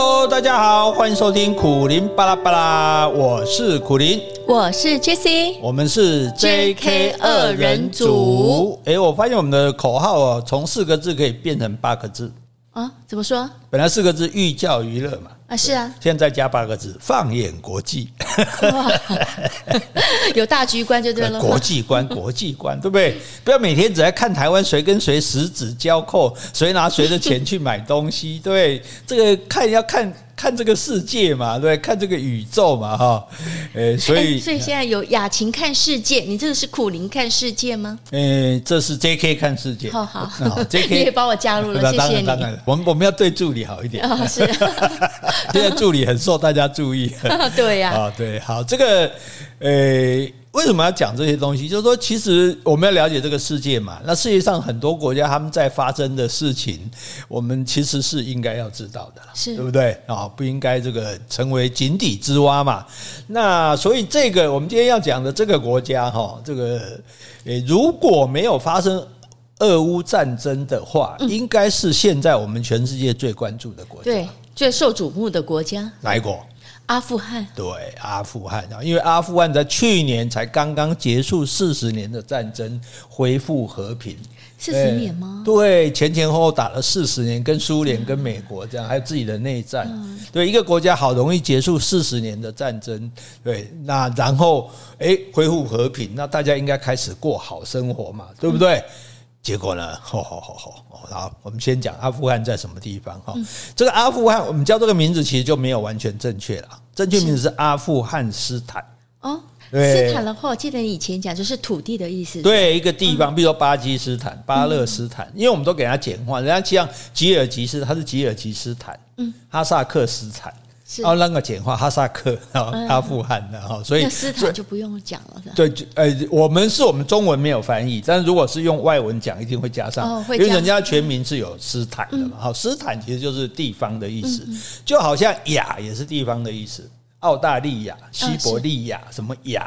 Hello，大家好，歡迎收聽苦苓巴拉巴拉，我是苦苓，我是 Jessy，我們是 J K 二人組。哎，我發現我們的口號哦，從四個字可以變成八個字啊，哦。怎麼說？本來四個字寓教於樂嘛。啊，是啊，現在加八個字，放眼國際 ，有大局觀就對了嗎？對。國際觀，國際觀，對不對？ 不要每天只來看台灣誰跟誰十指交扣，誰拿誰的錢去買東西， 對這個看要看。看這個世界嘛，對，看這個宇宙嘛，哈，呃，所以、欸，所以現在有雅琴看世界，你這個是苦苓看世界嗎？嗯、欸，這是 J.K. 看世界。好好、oh，J.K. 你也幫我加入了，謝謝你。當然當然，我們我們要對助理好一點。Oh, 是、啊， 現在助理很受大家注意。 對呀。啊，對，好，這個，呃、欸。為什麼要講這些東西？就是說，其實我們要了解這個世界嘛。那世界上很多國家他們在發生的事情，我們其實是應該要知道的，是對不對？啊，不應該這個成為井底之蛙嘛。那所以這個我們今天要講的這個國家，哈，這個誒，如果沒有發生俄烏戰爭的話，嗯，應該是現在我們全世界最關注的國家，對，最受矚目的國家，哪一國？阿富汗，對阿富汗，因為阿富汗在去年才剛剛結束四十年的戰爭，恢復和平，四十年嗎？對，前前後後打了四十年，跟蘇聯、跟美國這樣，還有自己的內戰。嗯、對，一個國家好容易結束四十年的戰爭，對，那然後哎恢復和平，那大家應該開始過好生活嘛，對不對？嗯結果呢？好好好好，然後我們先講阿富汗在什麼地方哈、嗯？這個阿富汗，我們叫這個名字其實就沒有完全正確了，正確名字是阿富汗斯坦。哦，斯坦的話，我記得以前講就是土地的意思。對，一個地方，比如說巴基斯坦、巴勒斯坦，因為我們都給人家簡化，人家像吉爾吉斯，它是吉爾吉斯坦。嗯，哈薩克斯坦。奧、哦、那個簡化哈薩克哈、哦嗯、阿富汗的哈、哦，所以斯坦就不用講了。對，呃，我們是我們中文沒有翻譯，但如果是用外文講，一定會加上、哦、會加上，因為人家全名是有斯坦的嘛。嗯、斯坦其實就是地方的意思，嗯嗯，就好像亞也是地方的意思，嗯嗯，澳大利亞、西伯利亞、哦、什麼亞。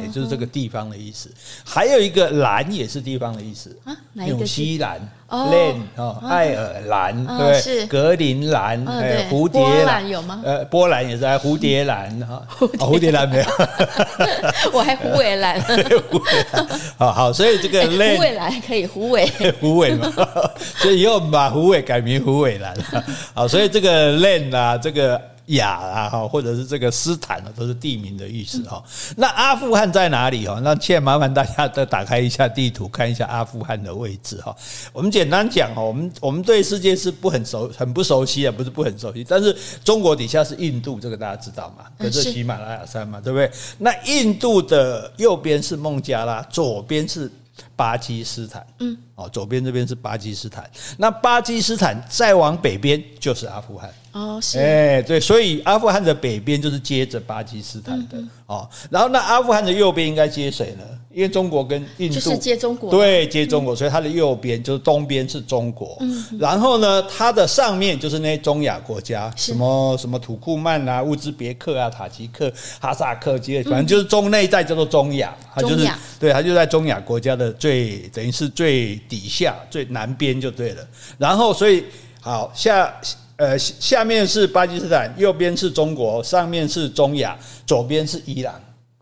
也就是這個地方的意思。還有一個蘭也是地方的意思啊，紐西蘭、land 愛爾蘭、哦、對,對，是格林蘭，呃、哦，蝴蝶蘭,波蘭有嗎？呃，波蘭也是蝴蝶蘭哈、哦哦，蝴蝶蘭沒有，我還虎尾蘭，虎 尾蘭，好好，所以這個 land 可以虎尾虎尾嘛，所以以後把虎尾改名虎尾蘭好，所以這個 land 啊，這個。雅哈、啊，或者是這個斯坦啊，都是地名的意思哈、嗯。那阿富汗在哪裡哈？那現在麻煩大家再打開一下地圖，看一下阿富汗的位置哈。我們簡單講哈，我們我們對世界是不很熟，很不熟悉啊，也不是不很熟悉。但是中國底下是印度，這個大家知道嘛？可是喜馬拉雅山嘛，嗯、對不對？那印度的右邊是孟加拉，左邊是巴基斯坦。嗯，哦，左邊這邊是巴基斯坦。那巴基斯坦再往北邊就是阿富汗。哦、oh,，是、欸、哎，對，所以阿富汗的北邊就是接着巴基斯坦的哦、嗯嗯喔，然後那阿富汗的右邊應該接誰呢？因為中國跟印度，就是接中國，對，接中國，嗯、所以它的右邊就是東邊是中國。嗯，然後呢，它的上面就是那些中亞國家，嗯、什麼什麼土庫曼啊、烏茲別克啊、塔吉克、哈薩克，這反正就是中內在叫做中亞、嗯，它就是中對，它就在中亞國家的最等於是最底下最南邊就對了。然後所以好下。呃，下面是巴基斯坦，右邊是中國，上面是中亞，左邊是伊朗。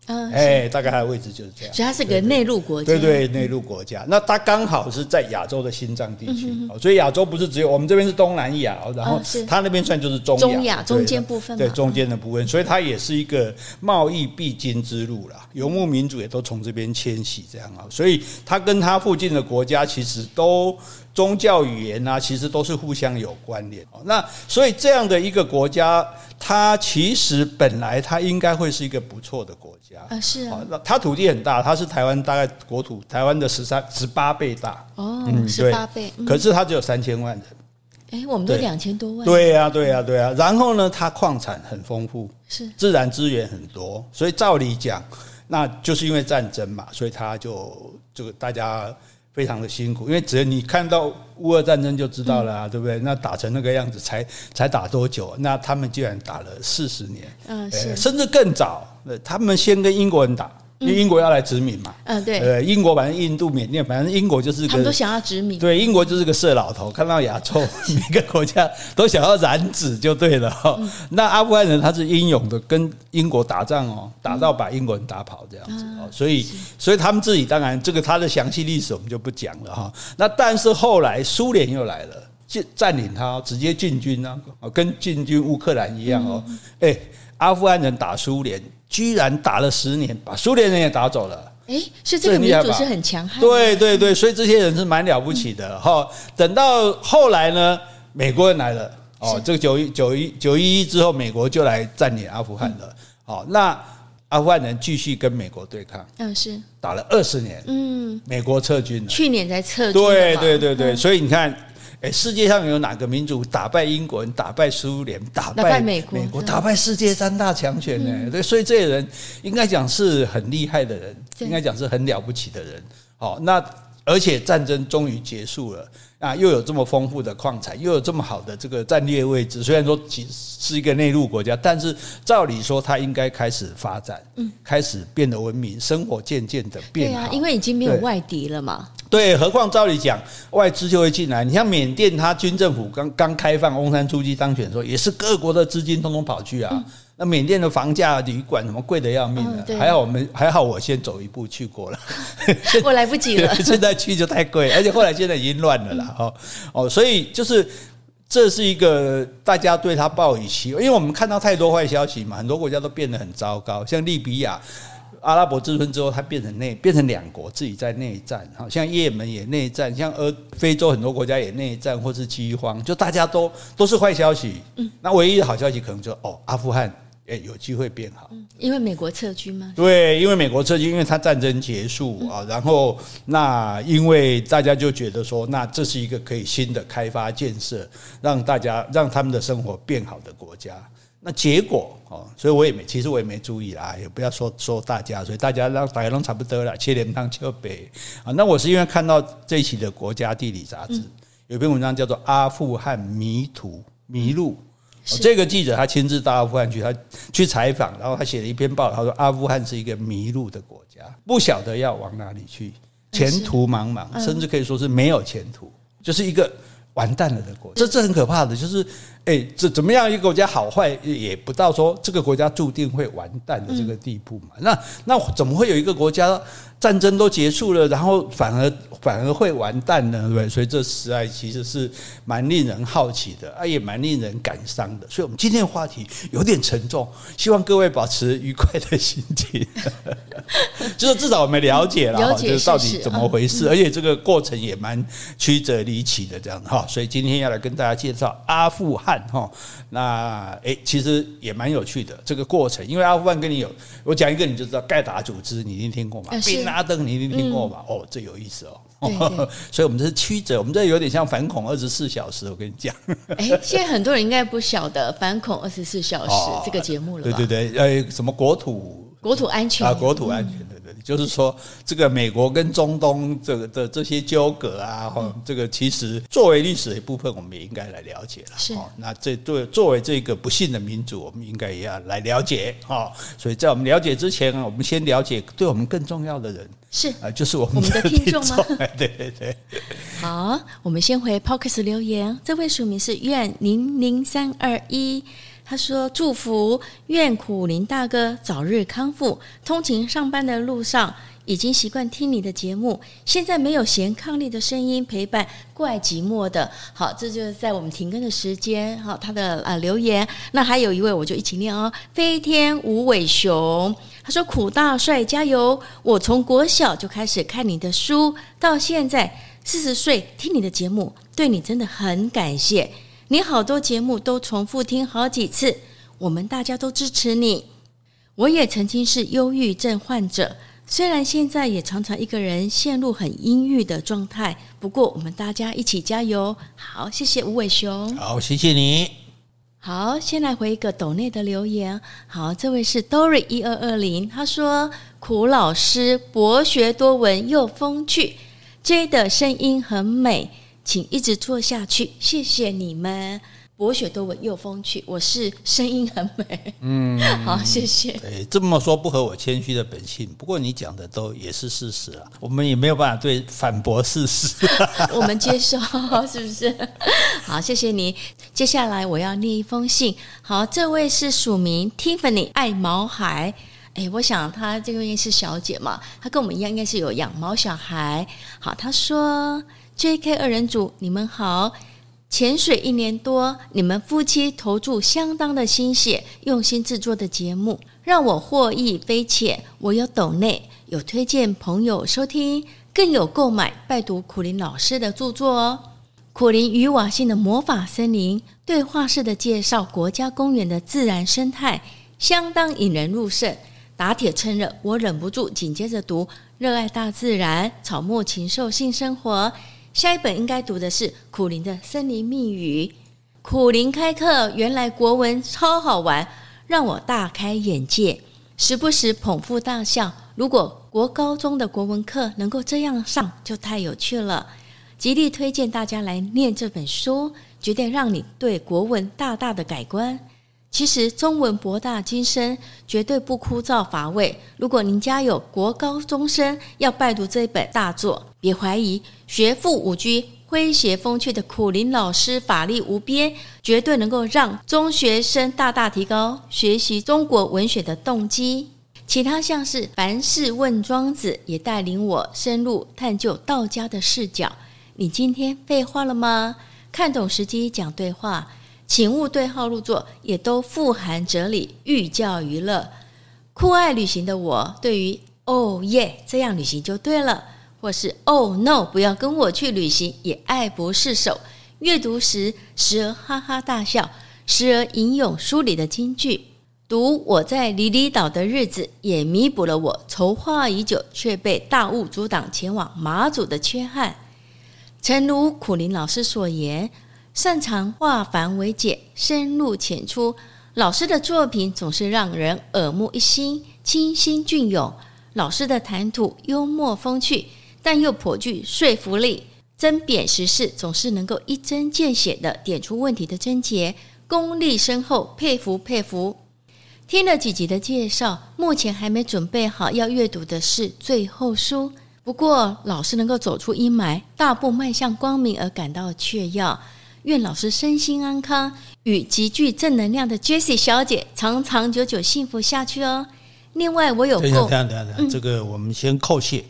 嗯，大概它的位置就是這樣。所以它是個內陸國家。對對，對，內、嗯、陸國家。那它剛好是在亞洲的心臟地區、嗯，所以亞洲不是只有我們這邊是東南亞，然後它、嗯、那邊算就是中亞中間部分。對，對中間的部分，所以它也是一個貿易必經之路啦。遊牧民族也都從這邊遷徙這樣啊，所以它跟它附近的國家其實都。宗教語言呢、啊，其實都是互相有關聯。那所以這樣的一個國家，它其實本來它應該會是一個不錯的國家啊。是啊，它土地很大，它是台灣大概國土台灣的十三十八倍大。哦，嗯、十八倍、嗯。可是它只有三千萬人。哎，我們都兩千多萬。對呀，對呀、啊，對呀、啊啊。然後呢，它礦產很豐富，是自然資源很多。所以照理講，那就是因為戰爭嘛，所以它就這個大家。非常的辛苦，因為只要你看到烏俄戰爭就知道了啊，嗯，對不對？那打成那個樣子才，才才打多久？那他們居然打了四十年，嗯，呃，甚至更早，他們先跟英國人打。因為英國要來殖民嘛，嗯，對，英國反正印度、緬甸，反正英國就是他們都想要殖民。對，英國就是個色老頭，看到亞洲每個國家都想要染指就對了哦。那阿富汗人他是英勇的，跟英國打仗哦，打到把英國人打跑這樣子哦。所以，所以他們自己當然這個他的詳細歷史我們就不講了哈哦。那但是後來蘇聯又來了，進佔領他哦，直接進軍呢哦，跟進軍烏克蘭一樣哦。哎，阿富汗人打蘇聯。居然打了十年，把蘇聯人也打走了。哎、欸，所以這個民族是很強悍。對對對，所以這些人是蠻了不起的哈、嗯。等到後來呢，美國人來了哦，這個九一九一九一一之後，美國就來占領阿富汗了。好、嗯哦，那阿富汗人繼續跟美國對抗。嗯，是打了二十年。嗯，美國撤軍了，去年才撤軍。對對對對，嗯、所以你看。欸、世界上有哪個民族打敗英國人，打敗蘇聯，打敗美國，打敗世界三大強權呢，嗯？對，所以這些人應該講是很厲害的人，應該講是很了不起的人。好，哦，那而且戰爭終於結束了啊，又有這麼豐富的礦產，又有這麼好的這個戰略位置。雖然說其實是一個內陸國家，但是照理說它應該開始發展，嗯，開始變得文明，生活漸漸的變好。對啊，因為已經沒有外敵了嘛。對，何況照理講，外資就會進來。你像緬甸，他軍政府剛剛開放翁山蘇姬當選的時候，也是各國的資金通通跑去啊。嗯、那緬甸的房價、旅館什麼貴的要命啊、嗯。還好我們還好，我先走一步去過了。我來不及了，現在去就太貴，而且後來現在已經亂了啦。哦、嗯、哦，所以就是這是一個大家對他抱以期，因為我們看到太多壞消息嘛，很多國家都變得很糟糕，像利比亞。阿拉伯之春之後，它變成內變成兩國自己在內戰，好像也門也內戰，像呃非洲很多國家也內戰，或是饑荒，就大家都都是壞消息、嗯。那唯一的好消息可能就是、哦，阿富汗、欸、有機會變好。因為美國撤軍嗎？對，因為美國撤軍，因為它戰爭結束啊、嗯，然後那因為大家就覺得說，那這是一個可以新的開發建設，讓大家讓他們的生活變好的國家。那結果哦，所以我也沒，其實我也沒注意啦，也不要說說大家，所以大家讓大家都差不多啦，切臉湯丘杯啊。那我是因為看到這一期的《國家地理》雜誌、嗯、有一篇文章叫做《阿富汗迷途迷路》，嗯，這個記者他親自到阿富汗去，他去採訪，然後他寫了一篇報道，他說阿富汗是一個迷路的國家，不曉得要往哪裡去，前途茫茫，嗯、甚至可以說是沒有前途，就是一個完蛋了的國。嗯、這這很可怕的就是。哎、欸，這怎麼樣一個國家好壞也不到說這個國家注定會完蛋的這個地步嘛？那那怎麼會有一個國家戰爭都結束了，然後反而反而會完蛋呢？對，所以這時代其實是蠻令人好奇的，啊，也蠻令人感傷的。所以我們今天的話題有點沉重，希望各位保持愉快的心情。就是至少我們了解了，就是到底怎麼回事，而且這個過程也蠻曲折離奇的，這樣的哈。所以今天要來跟大家介紹阿富汗。哈，那哎，其實也蠻有趣的這個過程，因為阿富汗跟你有，我講一個你就知道，蓋達組織你一定聽過嘛，賓拉登你一定聽過吧，呃聽過吧嗯？哦，這有意思哦對對呵呵，所以我們這是曲折，我們這有點像反恐二十四小時，我跟你講。哎，現在很多人應該不曉得反恐二十四小時、哦、這個節目了吧，對對對，哎，什麼國土、國土安全、嗯、啊，國土安全的。對對對就是說，這個美國跟中東這個的這些糾葛啊、嗯，這個其實作為歷史的一部分，我們也應該來了解了。是。那這作作為這個不幸的民族，我們應該也要來了解。哈，所以在我們了解之前啊，我們先了解對我們更重要的人。是。啊，就是我們的。我們的聽眾嗎？對對對。好，我們先回 Podcast 留言，這位署名是願零零三二一。他說：“祝福願苦苓大哥早日康復。通勤上班的路上，已經習慣聽你的節目。現在沒有賢伉儷的聲音陪伴，怪寂寞的。好，這就是在我們停更的時間。好，他的、呃、留言。那還有一位，我就一起念哦。飛天無尾熊，他說：苦大帥加油！我從國小就開始看你的書，到現在四十歲聽你的節目，對你真的很感謝。”你好多節目都重複聽好幾次，我們大家都支持你。我也曾經是憂鬱症患者，雖然現在也常常一個人陷入很陰鬱的狀態，不過我們大家一起加油。好，謝謝吳偉雄。好，謝謝你。好，先來回一個抖內的留言。好，這位是 Dory 一二二零，他說：“苦老師博學多聞又風趣，J 的聲音很美。”請一直做下去，謝謝你們，博學多聞又風趣，我是聲音很美。嗯，好，謝謝。這麼說不合我謙虛的本性，不過你講的都也是事實啊，我們也沒有辦法對反駁事實。我們接受，是不是？ 好，謝謝你。接下來我要念一封信。好，這位是署名 Tiffany 愛毛孩。哎，我想她這個應該是小姐嘛，她跟我們一樣，應該是有養毛小孩。好，她說。J.K. 二人組，你們好！潛水一年多，你們夫妻投注相當的心血，用心制作的節目，讓我獲益匪淺。我有抖內，有推薦朋友收聽，更有購買拜讀苦苓老師的著作哦。苦苓與瓦幸的魔法森林對話式的介紹國家公園的自然生態，相當引人入勝。打鐵趁熱，我忍不住緊接着讀《熱愛大自然：草木、禽獸、性生活》。下一本應該讀的是《苦苓的森林密語》。苦苓開課，原來國文超好玩，讓我大開眼界，時不時捧腹大笑。如果國高中的國文課能夠這樣上，就太有趣了。極力推薦大家來念這本書，絕對讓你對國文大大的改觀。其實中文博大精深，絕對不枯燥乏味。如果您家有國高中生要拜讀這本大作，別懷疑，學富五車、詼諧風趣的苦苓老師法力無邊，絕對能夠讓中學生大大提高學習中國文學的動機。其他像是《凡事問莊子》，也帶領我深入探究道家的視角。你今天廢話了嗎？看懂時機講對話。請勿對號入座，也都富含哲理，寓教於樂。酷愛旅行的我，對於 “Oh yeah，這樣旅行就對了”或是 “Oh no，不要跟我去旅行”也愛不釋手。閱讀時，時而哈哈大笑，時而引用書裡的金句。讀我在離離島的日子，也彌補了我籌劃已久卻被大霧阻擋前往馬祖的缺憾。誠如苦苓老師所言。擅長化繁為簡，深入淺出。老師的作品總是讓人耳目一新，清新雋永。老師的談吐幽默風趣，但又頗具說服力。針砭時事，總是能夠一針見血地點出問題的症結。功力深厚，佩服佩服。聽了幾集的介紹，目前還沒準備好要閱讀的是最後書。不過，老師能夠走出陰霾，大步邁向光明，而感到雀躍。願老師身心安康，與極具正能量的 Jessie 小姐長長久久幸福下去哦。另外，我有夠、嗯，這個我們先叩謝、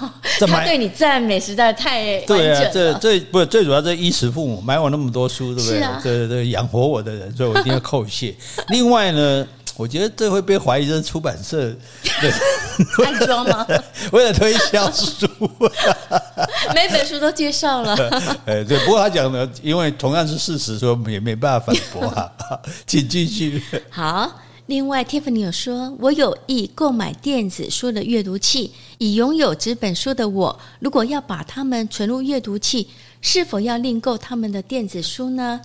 哦。他對你讚美實在太對了對啊，這這不最主要，這衣食父母買我那麼多書，對不對？對對、啊、對，養活我的人，所以我一定要叩謝。 另外呢。我覺得這會被懷疑是出版社對安裝嗎？ 為了推銷書 每本書都介紹了。哎，對，對，不過他講的，因為同樣是事實，說也沒辦法反駁啊。請繼續。 好，另外 t i 尼有說，我有意購買電子書的閱讀器。已擁有紙本書的我，如果要把它們存入閱讀器，是否要另購他們的電子書呢？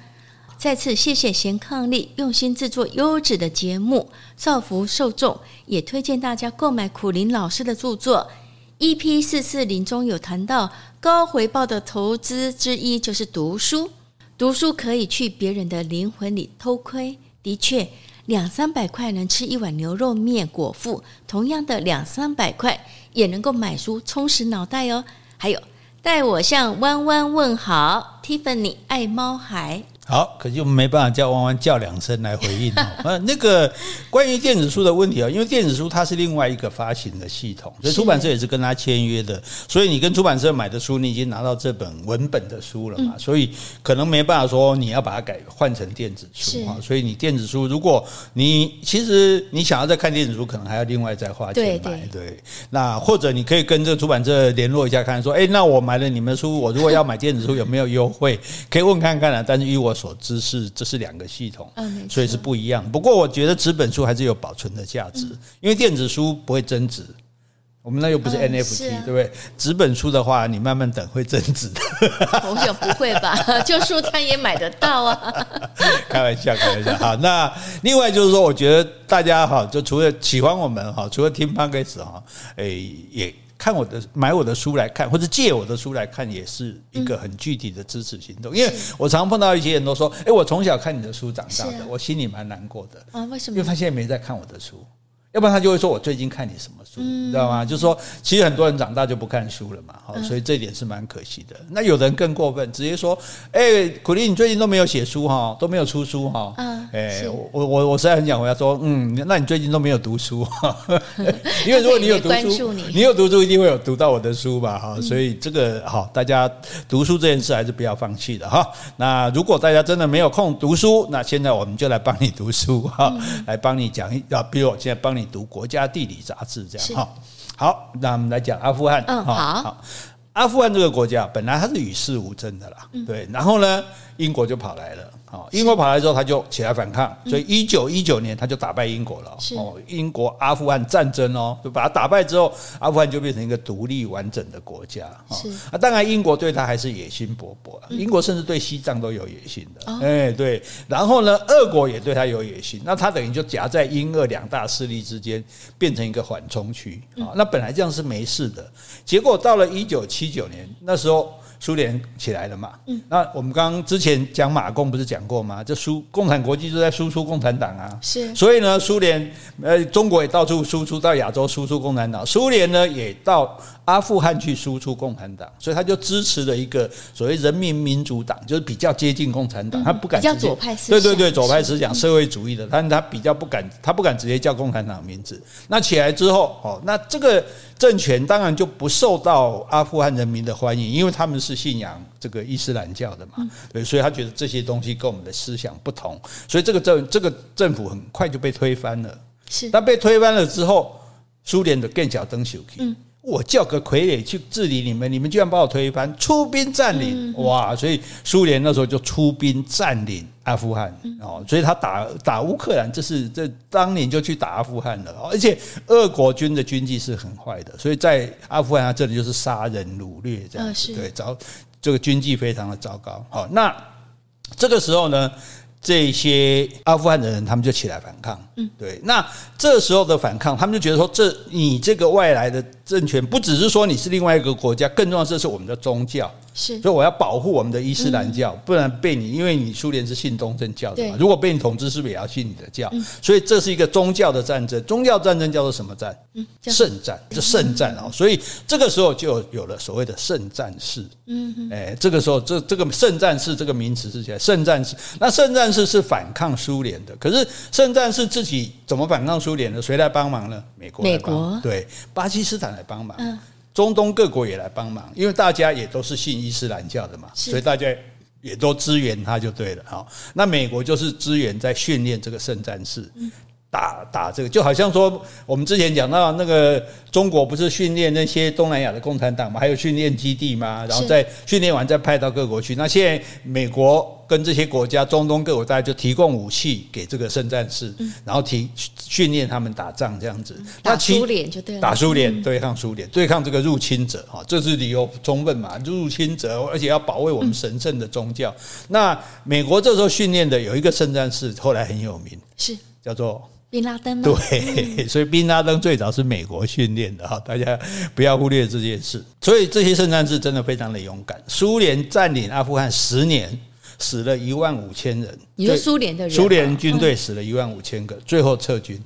再次謝謝賢伉儷用心製作優質的節目，造福受眾。也推薦大家購買苦苓老師的著作，EP440 中有談到高回報的投資之一就是讀書。讀書可以去別人的靈魂裡偷窺。的確，兩三百塊能吃一碗牛肉麵果腹，同樣的兩三百塊也能夠買書充實腦袋哦。還有，代我向彎彎問好，Tiffany 愛貓孩。好，可就沒辦法叫彎彎叫兩聲來回應哦。那那個關於電子書的問題啊、哦，因為電子書它是另外一個發行的系統，所以出版社也是跟他簽約的。所以你跟出版社買的書，你已經拿到這本文本的書了嘛？所以可能沒辦法說你要把它改換成電子書啊。所以你電子書，如果你其實你想要再看電子書，可能還要另外再花錢買。對，對，對，對，那或者你可以跟這個出版社聯絡一下看，看說，哎、欸，那我買了你們的書，我如果要買電子書有沒有優惠？可以問看看了、啊。但是因為我所知是，這是兩個系統、嗯，所以是不一樣。不過我覺得紙本書還是有保存的價值、嗯，因為電子書不會增值。我們那又不是 NFT，、嗯是啊、對不對？紙本書的話，你慢慢等會增值。我覺得不會吧？ 就書攤也買得到啊？ 開玩笑，開玩笑哈。那另外就是說，我覺得大家哈，就除了喜歡我們哈，除了聽 Podcast 哈，哎也。看我的買我的書來看，或者借我的書來看，也是一個很具體的支持行動。因為我常常碰到一些人都說：“哎，我從小看你的書長大的，啊，我心裡蠻難過的。”啊，為什麼？因為他現在沒在看我的書。要不然他就會說，我最近看你什麼書，嗯、你知道嗎？就是說，其實很多人長大就不看書了嘛，好、嗯，所以這一點是蠻可惜的。那有人更過分，直接說：“哎、欸，苦苓，你最近都沒有寫書哈，都沒有出書哈。”嗯，哎、欸，我我我實在很想回答說：“嗯，那你最近都沒有讀書， 因為如果你有讀書，你，你有讀書一定會有讀到我的書吧？哈，所以這個好，大家讀書這件事還是不要放棄的哈。那如果大家真的沒有空讀書，那現在我們就來幫你讀書哈、嗯，來幫你講，啊，比如我現在幫你。讀《國家地理》雜誌這樣哈、啊，好，那我們來講阿富汗、嗯好。好，阿富汗這個國家本來它是與世無爭的啦，嗯、對，然後呢，英國就跑來了。英國跑來之後，他就起來反抗，所以一九一九年他就打敗英國了。哦，英國阿富汗戰爭哦，就把他打敗之後，阿富汗就變成一個獨立完整的國家。啊，當然英國對他還是野心勃勃，英國甚至對西藏都有野心的。對，然後呢，俄國也對他有野心，那他等於就夾在英俄兩大勢力之間，變成一個緩衝區。啊，那本來這樣是沒事的，結果到了一九七九年那時候。蘇聯起來了嘛，嗯，那我們剛剛之前講馬共不是講過嗎？就蘇共產國際就在輸出共產黨啊，是，所以呢，蘇聯呃中國也到處輸出，到亞洲輸出共產黨，蘇聯呢也到。阿富汗去輸出共產黨，所以他就支持了一個所謂人民民主黨，就是比較接近共產黨。嗯，他不敢叫左派思想。對對對，左派思想社會主義的，但他，他比較不敢，他不敢直接叫共產黨名字。那起來之後，哦，那這個政權當然就不受到阿富汗人民的歡迎，因為他們是信仰這個伊斯蘭教的嘛。嗯，所以他覺得這些東西跟我們的思想不同，所以這個政這個政府很快就被推翻了。是，但被推翻了之後，蘇聯的戈爾巴喬夫、嗯我叫個傀儡去治理你們，你們居然把我推翻，出兵占領，哇！所以蘇聯那時候就出兵占領阿富汗哦，所以他打打烏克蘭，這是這當年就去打阿富汗了，而且俄國軍的軍紀是很壞的，所以在阿富汗這裡就是殺人擄掠這樣，對，糟這個軍紀非常的糟糕。好，那這個時候呢，這些阿富汗的人他們就起來反抗，嗯，對。那這時候的反抗，他們就覺得說，這你這個外來的。政權不只是說你是另外一個國家，更重要的是我們的宗教，是，所以我要保護我們的伊斯蘭教，嗯，不然被你，因為你蘇聯是信東正教的嘛，如果被你統治，是不是也要信你的教，嗯？所以這是一個宗教的戰爭，宗教戰爭叫做什麼戰？嗯、聖戰，這聖戰啊，哦！所以這個時候就有了所謂的聖戰士，嗯，哎，這個時候這這個聖戰士這個名詞是誰？聖戰士，那聖戰士是反抗蘇聯的，可是聖戰士自己怎麼反抗蘇聯的？誰來幫忙呢？美國幫，美國，對，巴基斯坦。來幫忙，中東各國也來幫忙，因為大家也都是信伊斯蘭教的嘛，所以大家也都支援他就對了。好，那美國就是支援在訓練這個聖戰士，打打這個，就好像說我們之前講到那個中國不是訓練那些東南亞的共產黨嘛，還有訓練基地嘛，然後再訓練完再派到各國去。那現在美國。跟這些國家，中東各國，大家就提供武器給這個聖戰士、嗯，然後提訓練他們打仗這樣子。打蘇聯就對了，打蘇聯、嗯、對抗蘇聯，對抗這個入侵者，哈，這是理由充分嘛？入侵者，而且要保衛我們神聖的宗教、嗯。那美國這時候訓練的有一個聖戰士，後來很有名，是叫做賓拉登。對，嗯、所以賓拉登最早是美國訓練的哈，大家不要忽略這件事。所以這些聖戰士真的非常的勇敢。蘇聯佔領阿富汗十年，死了一萬五千人，你說蘇聯的人，蘇聯軍隊死了一萬五千個，最後撤軍。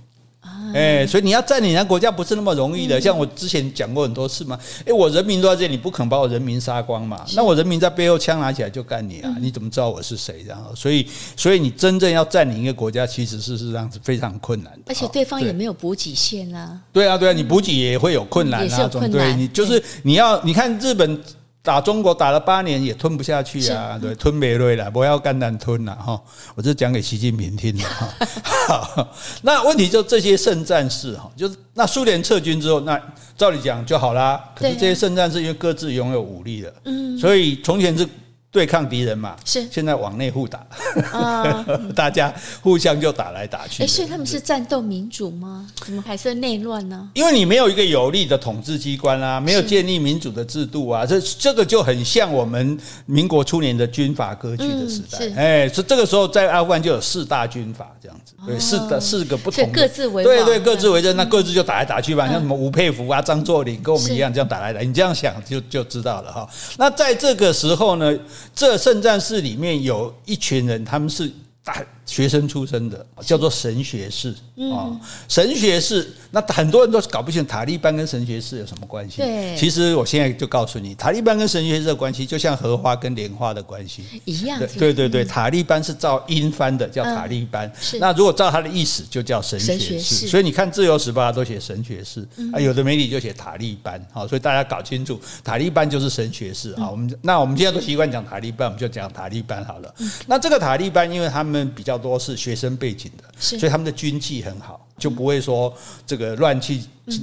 哎，所以你要佔領人家國家不是那麼容易的，像我之前講過很多次嘛。哎，我人民都在這裡，你不肯把我人民殺光嘛？那我人民在背後槍拿起來就幹你啊！你怎麼知道我是誰？然後，所以，所以你真正要佔領一個國家，其實事實上是非常困難的。而且對方也沒有補給線啊。對啊，對啊，對啊，你補給也會有困難啊。對，你就是你要你看日本。打中國打了八年也吞不下去啊！嗯、對，吞不啦沒了，不要簡單吞了哈。我是講給習近平聽的哈。 那問題就這些聖戰士哈，就是那蘇聯撤軍之後，那照理講就好啦。可是這些聖戰士因為各自擁有武力的，所以從前是對抗敵人嘛，是現在往內互打，啊、哦嗯，大家互相就打來打去。哎，所以他們是戰鬥民主嗎？怎麼還是內亂呢？因為你沒有一個有力的統治機關啦、啊，沒有建立民主的制度啊，這這個就很像我們民國初年的軍閥割據的時代。嗯、哎，是這個時候在阿富汗就有四大軍閥這樣子，對，四、哦、個四個不同的各自為的對對各自為政、嗯，那各自就打來打去吧，嗯、像什麼吳佩孚啊、張作霖，跟我們一樣這樣打來打，你這樣想就就知道了哈、哦。那在這個時候呢？這聖戰士裡面有一群人，他們是大學生出身的叫做神學士啊、嗯，神學士，那很多人都搞不清楚塔利班跟神學士有什麼關係？對，其實我現在就告訴你，塔利班跟神學士的關係就像荷花跟蓮花的關係一樣。對對對，對，嗯，塔利班是照音翻的，叫塔利班，嗯。那如果照他的意思，就叫神學士，神學士。所以你看自由時報，都寫神學士啊、嗯，有的媒體就寫塔利班。好，所以大家搞清楚，塔利班就是神學士啊。我們、嗯、那我們現在都習慣講塔利班，我們就講塔利班好了，嗯。那這個塔利班，因為他們比較。多是學生背景的，所以他們的軍紀很好，就不會說這個亂去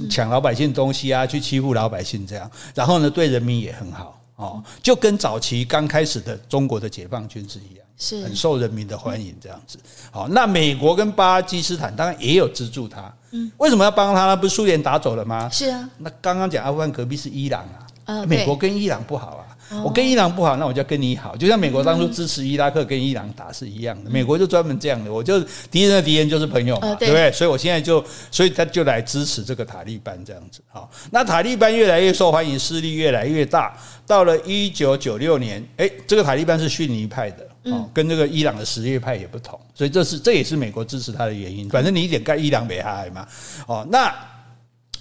搶老百姓東西啊，去欺負老百姓這樣。然後呢，對人民也很好哦，就跟早期剛開始的中國的解放軍是一樣，是很受人民的歡迎這樣子。好，那美國跟巴基斯坦當然也有資助他，嗯，為什麼要幫他呢？不是蘇聯打走了嗎？是啊。那剛剛講阿富汗隔壁是伊朗啊，美國跟伊朗不好啊。我跟伊朗不好，那我就要跟你好，就像美國當初支持伊拉克跟伊朗打是一樣的，美國就專門這樣的，我就敵人的敵人就是朋友嘛、哦對，對不對？所以我現在就，所以他就來支持這個塔利班這樣子。好，那塔利班越來越受歡迎，勢力越來越大。到了一九九六年，誒，這個塔利班是遜尼派的，跟這個伊朗的什葉派也不同，所以這是這也是美國支持他的原因。反正你一點蓋伊朗沒害來嘛，哦，那。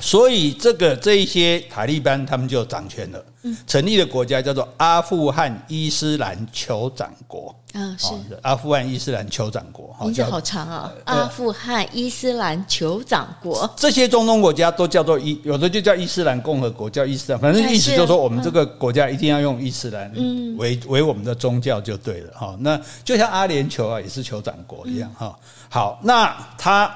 所以，這個這一些塔利班他們就掌權了，嗯，成立的國家叫做阿富汗伊斯蘭酋長國，嗯、哦，是、哦、是阿富汗伊斯蘭酋長國，名字好長、哦、啊，阿富汗伊斯蘭酋長國。這些中東國家都叫做伊，有的就叫伊斯蘭共和國，叫伊斯蘭，反正意思就是說，我們這個國家一定要用伊斯蘭為、嗯、為我們的宗教就對了哈、哦。那就像阿聯酋啊，也是酋長國一樣哈、嗯。好，那他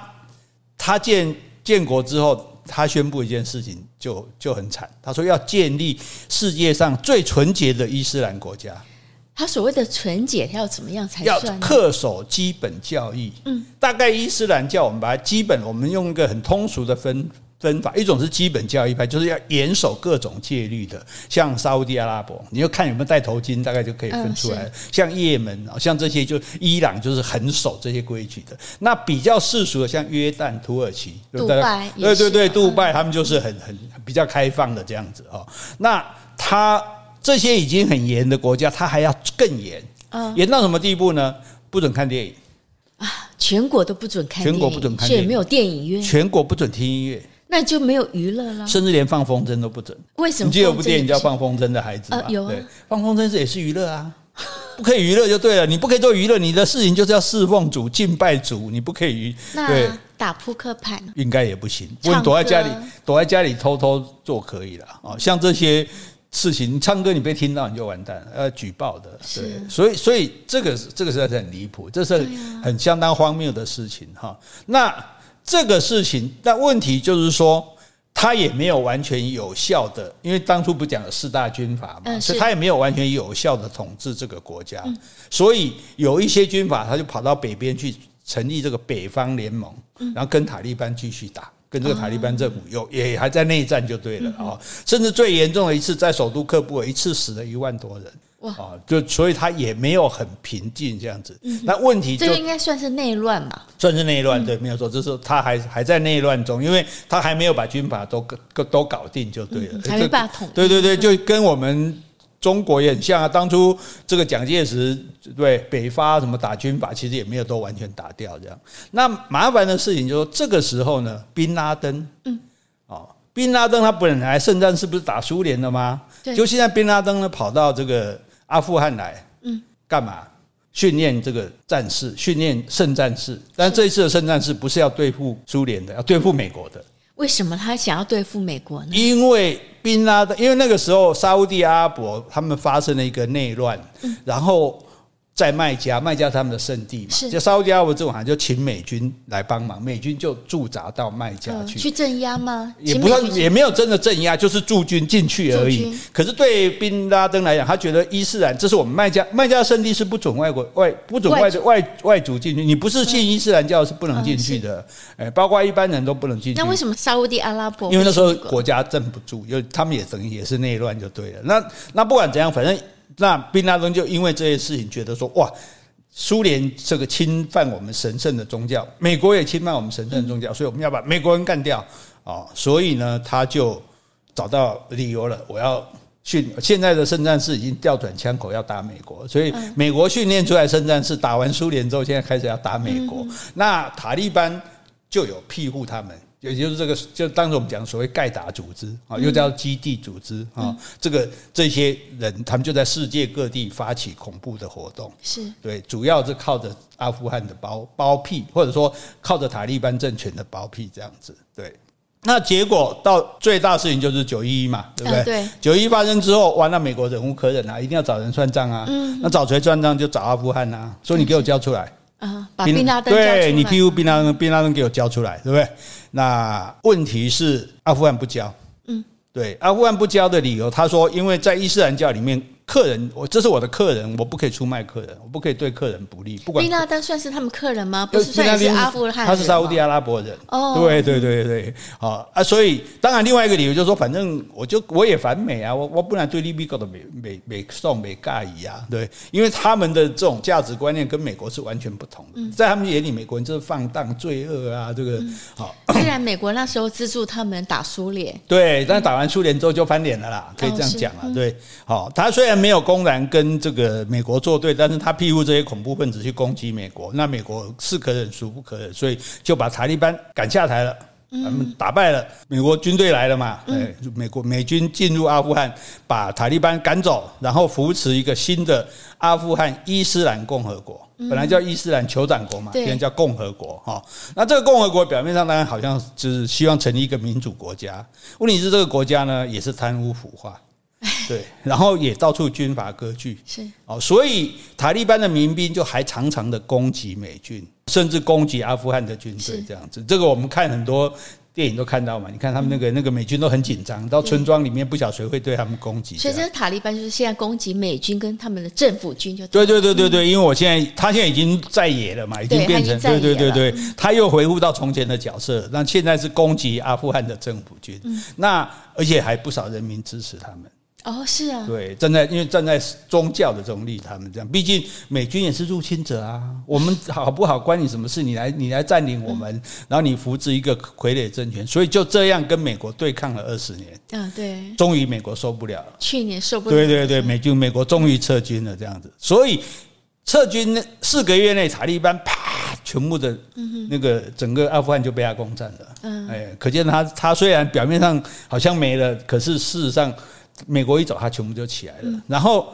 他建建國之後。他宣布一件事情就，就就很慘。他說要建立世界上最純潔的伊斯蘭國家。他所謂的純潔，他要怎麼樣才算要恪守基本教義？嗯，大概伊斯蘭教，我們把它基本，我們用一個很通俗的分。分法，一種是基本教義派，就是要嚴守各種戒律的，像沙烏地阿拉伯，你就看有沒有戴頭巾，大概就可以分出來，嗯。像葉門，像這些就，就伊朗就是很守這些規矩的。那比較世俗的，像約旦、土耳其、杜拜，對對對，對，啊，杜拜他們就是很很，很比較開放的這樣子哦。那他這些已經很嚴的國家，他還要更嚴啊，嚴、嗯、到什麼地步呢？不准看電影啊，全國都不准看，全國不准看電影，也沒有電影院，全國不准聽音樂。那就沒有娛樂了、啊，甚至連放風箏都不准。為什麼？你記得有部電影叫《放風箏的孩子》吧、呃啊？對，放風箏是也是娛樂啊，不可以娛樂就對了。你不可以做娛樂，你的事情就是要侍奉主、敬拜主。你不可以娛，對，打撲克牌應該也不行。你躲在家裡，躲在家裡偷偷做可以了啊。像這些事情，你唱歌你被聽到你就完蛋了，要舉報的。是、啊對，所以所以這個這個實在是很離譜，這是很相當荒謬的事情哈、啊。那。這個事情，但問題就是說，他也沒有完全有效的，因為當初不講了四大軍閥嘛，嗯、是，所以他也沒有完全有效的統治這個國家，嗯、所以有一些軍閥他就跑到北邊去成立這個北方聯盟、嗯，然後跟塔利班繼續打，跟這個塔利班政府有也還在內戰就對了啊、嗯，甚至最嚴重的一次在首都喀布爾，一次死了一萬多人。哦，就所以他也沒有很平靜這樣子、嗯。那問題就、這個、應該算是內亂吧，算是內亂對、嗯，沒有錯，就是他還還在內亂中，因為他還沒有把軍閥都都都搞定就對了、嗯就，對對對，就跟我們中國也很像啊。當初這個蔣介石對北伐什麼打軍閥，其實也沒有都完全打掉這樣。那麻煩的事情就是這個時候呢，賓拉登嗯，哦，賓拉登他本來聖戰是不是打蘇聯的嗎？對就現在賓拉登呢跑到這個。阿富汗來幹，幹嘛訓練這個戰士，訓練聖戰士？但這一次的聖戰士不是要對付蘇聯的、嗯，要對付美國的。為什麼他想要對付美國呢？因為賓拉登因為那個時候沙烏地阿拉伯他們發生了一個內亂、嗯，然後。在麥加，麥加他們的聖地嘛，是就沙烏地阿拉伯這種，好像就請美軍來幫忙，美軍就駐紮到麥加去，呃、去鎮壓嗎？也不算，也沒有真的鎮壓，就是駐軍進去而已。可是對賓拉登來講，他覺得伊斯蘭，這是我們麥加，麥加聖地是不准外國外不准外外外，外族進去，你不是信伊斯蘭教，是不能進去的，哎、嗯，包括一般人都不能進去。那為什麼沙烏地阿拉伯？因為那時候國家鎮不住，因為他們也等於也是內亂就對了。那那不管怎樣，反正。那賓拉登就因為這些事情，覺得說哇，蘇聯這個侵犯我們神聖的宗教，美國也侵犯我們神聖的宗教，所以我們要把美國人幹掉啊、哦！所以呢，他就找到理由了，我要訓現在的聖戰士已經調轉槍口要打美國，所以美國訓練出來聖戰士打完蘇聯之後，現在開始要打美國。那塔利班就有庇護他們。也就是這個，就當時我們講所謂蓋達組織啊、嗯，又叫基地組織啊、嗯，這個這些人，他們就在世界各地發起恐怖的活動，是對，主要是靠着阿富汗的包包庇，或者說靠着塔利班政權的包庇，這樣子，對。那結果到最大事情就是九一一嘛，對不對？嗯、對。九一一發生之後，完了，那美國忍無可忍啊，一定要找人算賬啊、嗯。那找誰算賬就找阿富汗啊，說你給我交出來。嗯啊，把賓拉登，對你 PF，拉登，比如賓拉登賓拉登給我交出來，對不對？那問題是阿富汗不交，嗯，對，阿富汗不交的理由，他說因為在伊斯蘭教裡面。客人，我這是我的客人，我不可以出賣客人，我不可以對客人不利。不管。賓拉登算是他們客人嗎？不是，算是阿富汗。他是沙烏地阿拉伯人。哦，對對對對，好啊，所以當然另外一個理由就是說，反正我就我也反美啊，我我不能對利比亞的美美美送美尬矣啊，對，因為他們的這種價值觀念跟美國是完全不同的，嗯、在他們眼裡，美國人就是放蕩罪惡啊，這個好、嗯哦。雖然美國那時候資助他們打蘇聯，對、嗯，但打完蘇聯之後就翻臉了啦，可以這樣講啊、哦嗯，對。好，他雖然。但沒有公然跟這個美國作對，但是他庇護這些恐怖分子去攻擊美國，那美國是可忍孰不可忍，所以就把塔利班趕下台了，他們打敗了美國軍隊來了嘛，哎，美國美軍進入阿富汗，把塔利班趕走，然後扶持一個新的阿富汗伊斯蘭共和國，本來叫伊斯蘭酋長國嘛，現在叫共和國哈。那這個共和國表面上當然好像就是希望成立一個民主國家，問題是這個國家呢也是貪污腐化。對，然後也到處軍閥割據是哦，所以塔利班的民兵就還常常的攻擊美軍，甚至攻擊阿富汗的軍隊這樣子。這個我們看很多電影都看到嘛，你看他們那個、嗯、那個美軍都很緊張，到村莊裡面不曉得誰會對他們攻擊。其實塔利班就是現在攻擊美軍跟他們的政府軍就對對對，對對對對，因為我現在他現在已經在野了嘛，已經變成對，他已經在野了，對對對對，他又回復到從前的角色。那現在是攻擊阿富汗的政府軍，嗯、那而且還不少人民支持他們。哦、oh、是啊，對，站在因為站在宗教的這種立場，他們這樣，畢竟美軍也是入侵者啊。我們好不好關你什麼事？你來你來占領我們，嗯，然後你扶植一個傀儡政權，所以就這樣跟美國對抗了二十年。嗯、啊，對，終於美國受不了了。去年受不了了，對對對，美軍美國終於撤軍了，這樣子。所以撤軍四個月內，塔利班啪，全部的，嗯，那個整個阿富汗就被他攻占了。嗯，哎，可見他他雖然表面上好像沒了，可是事實上。美國一走，他全部就起來了、嗯。然後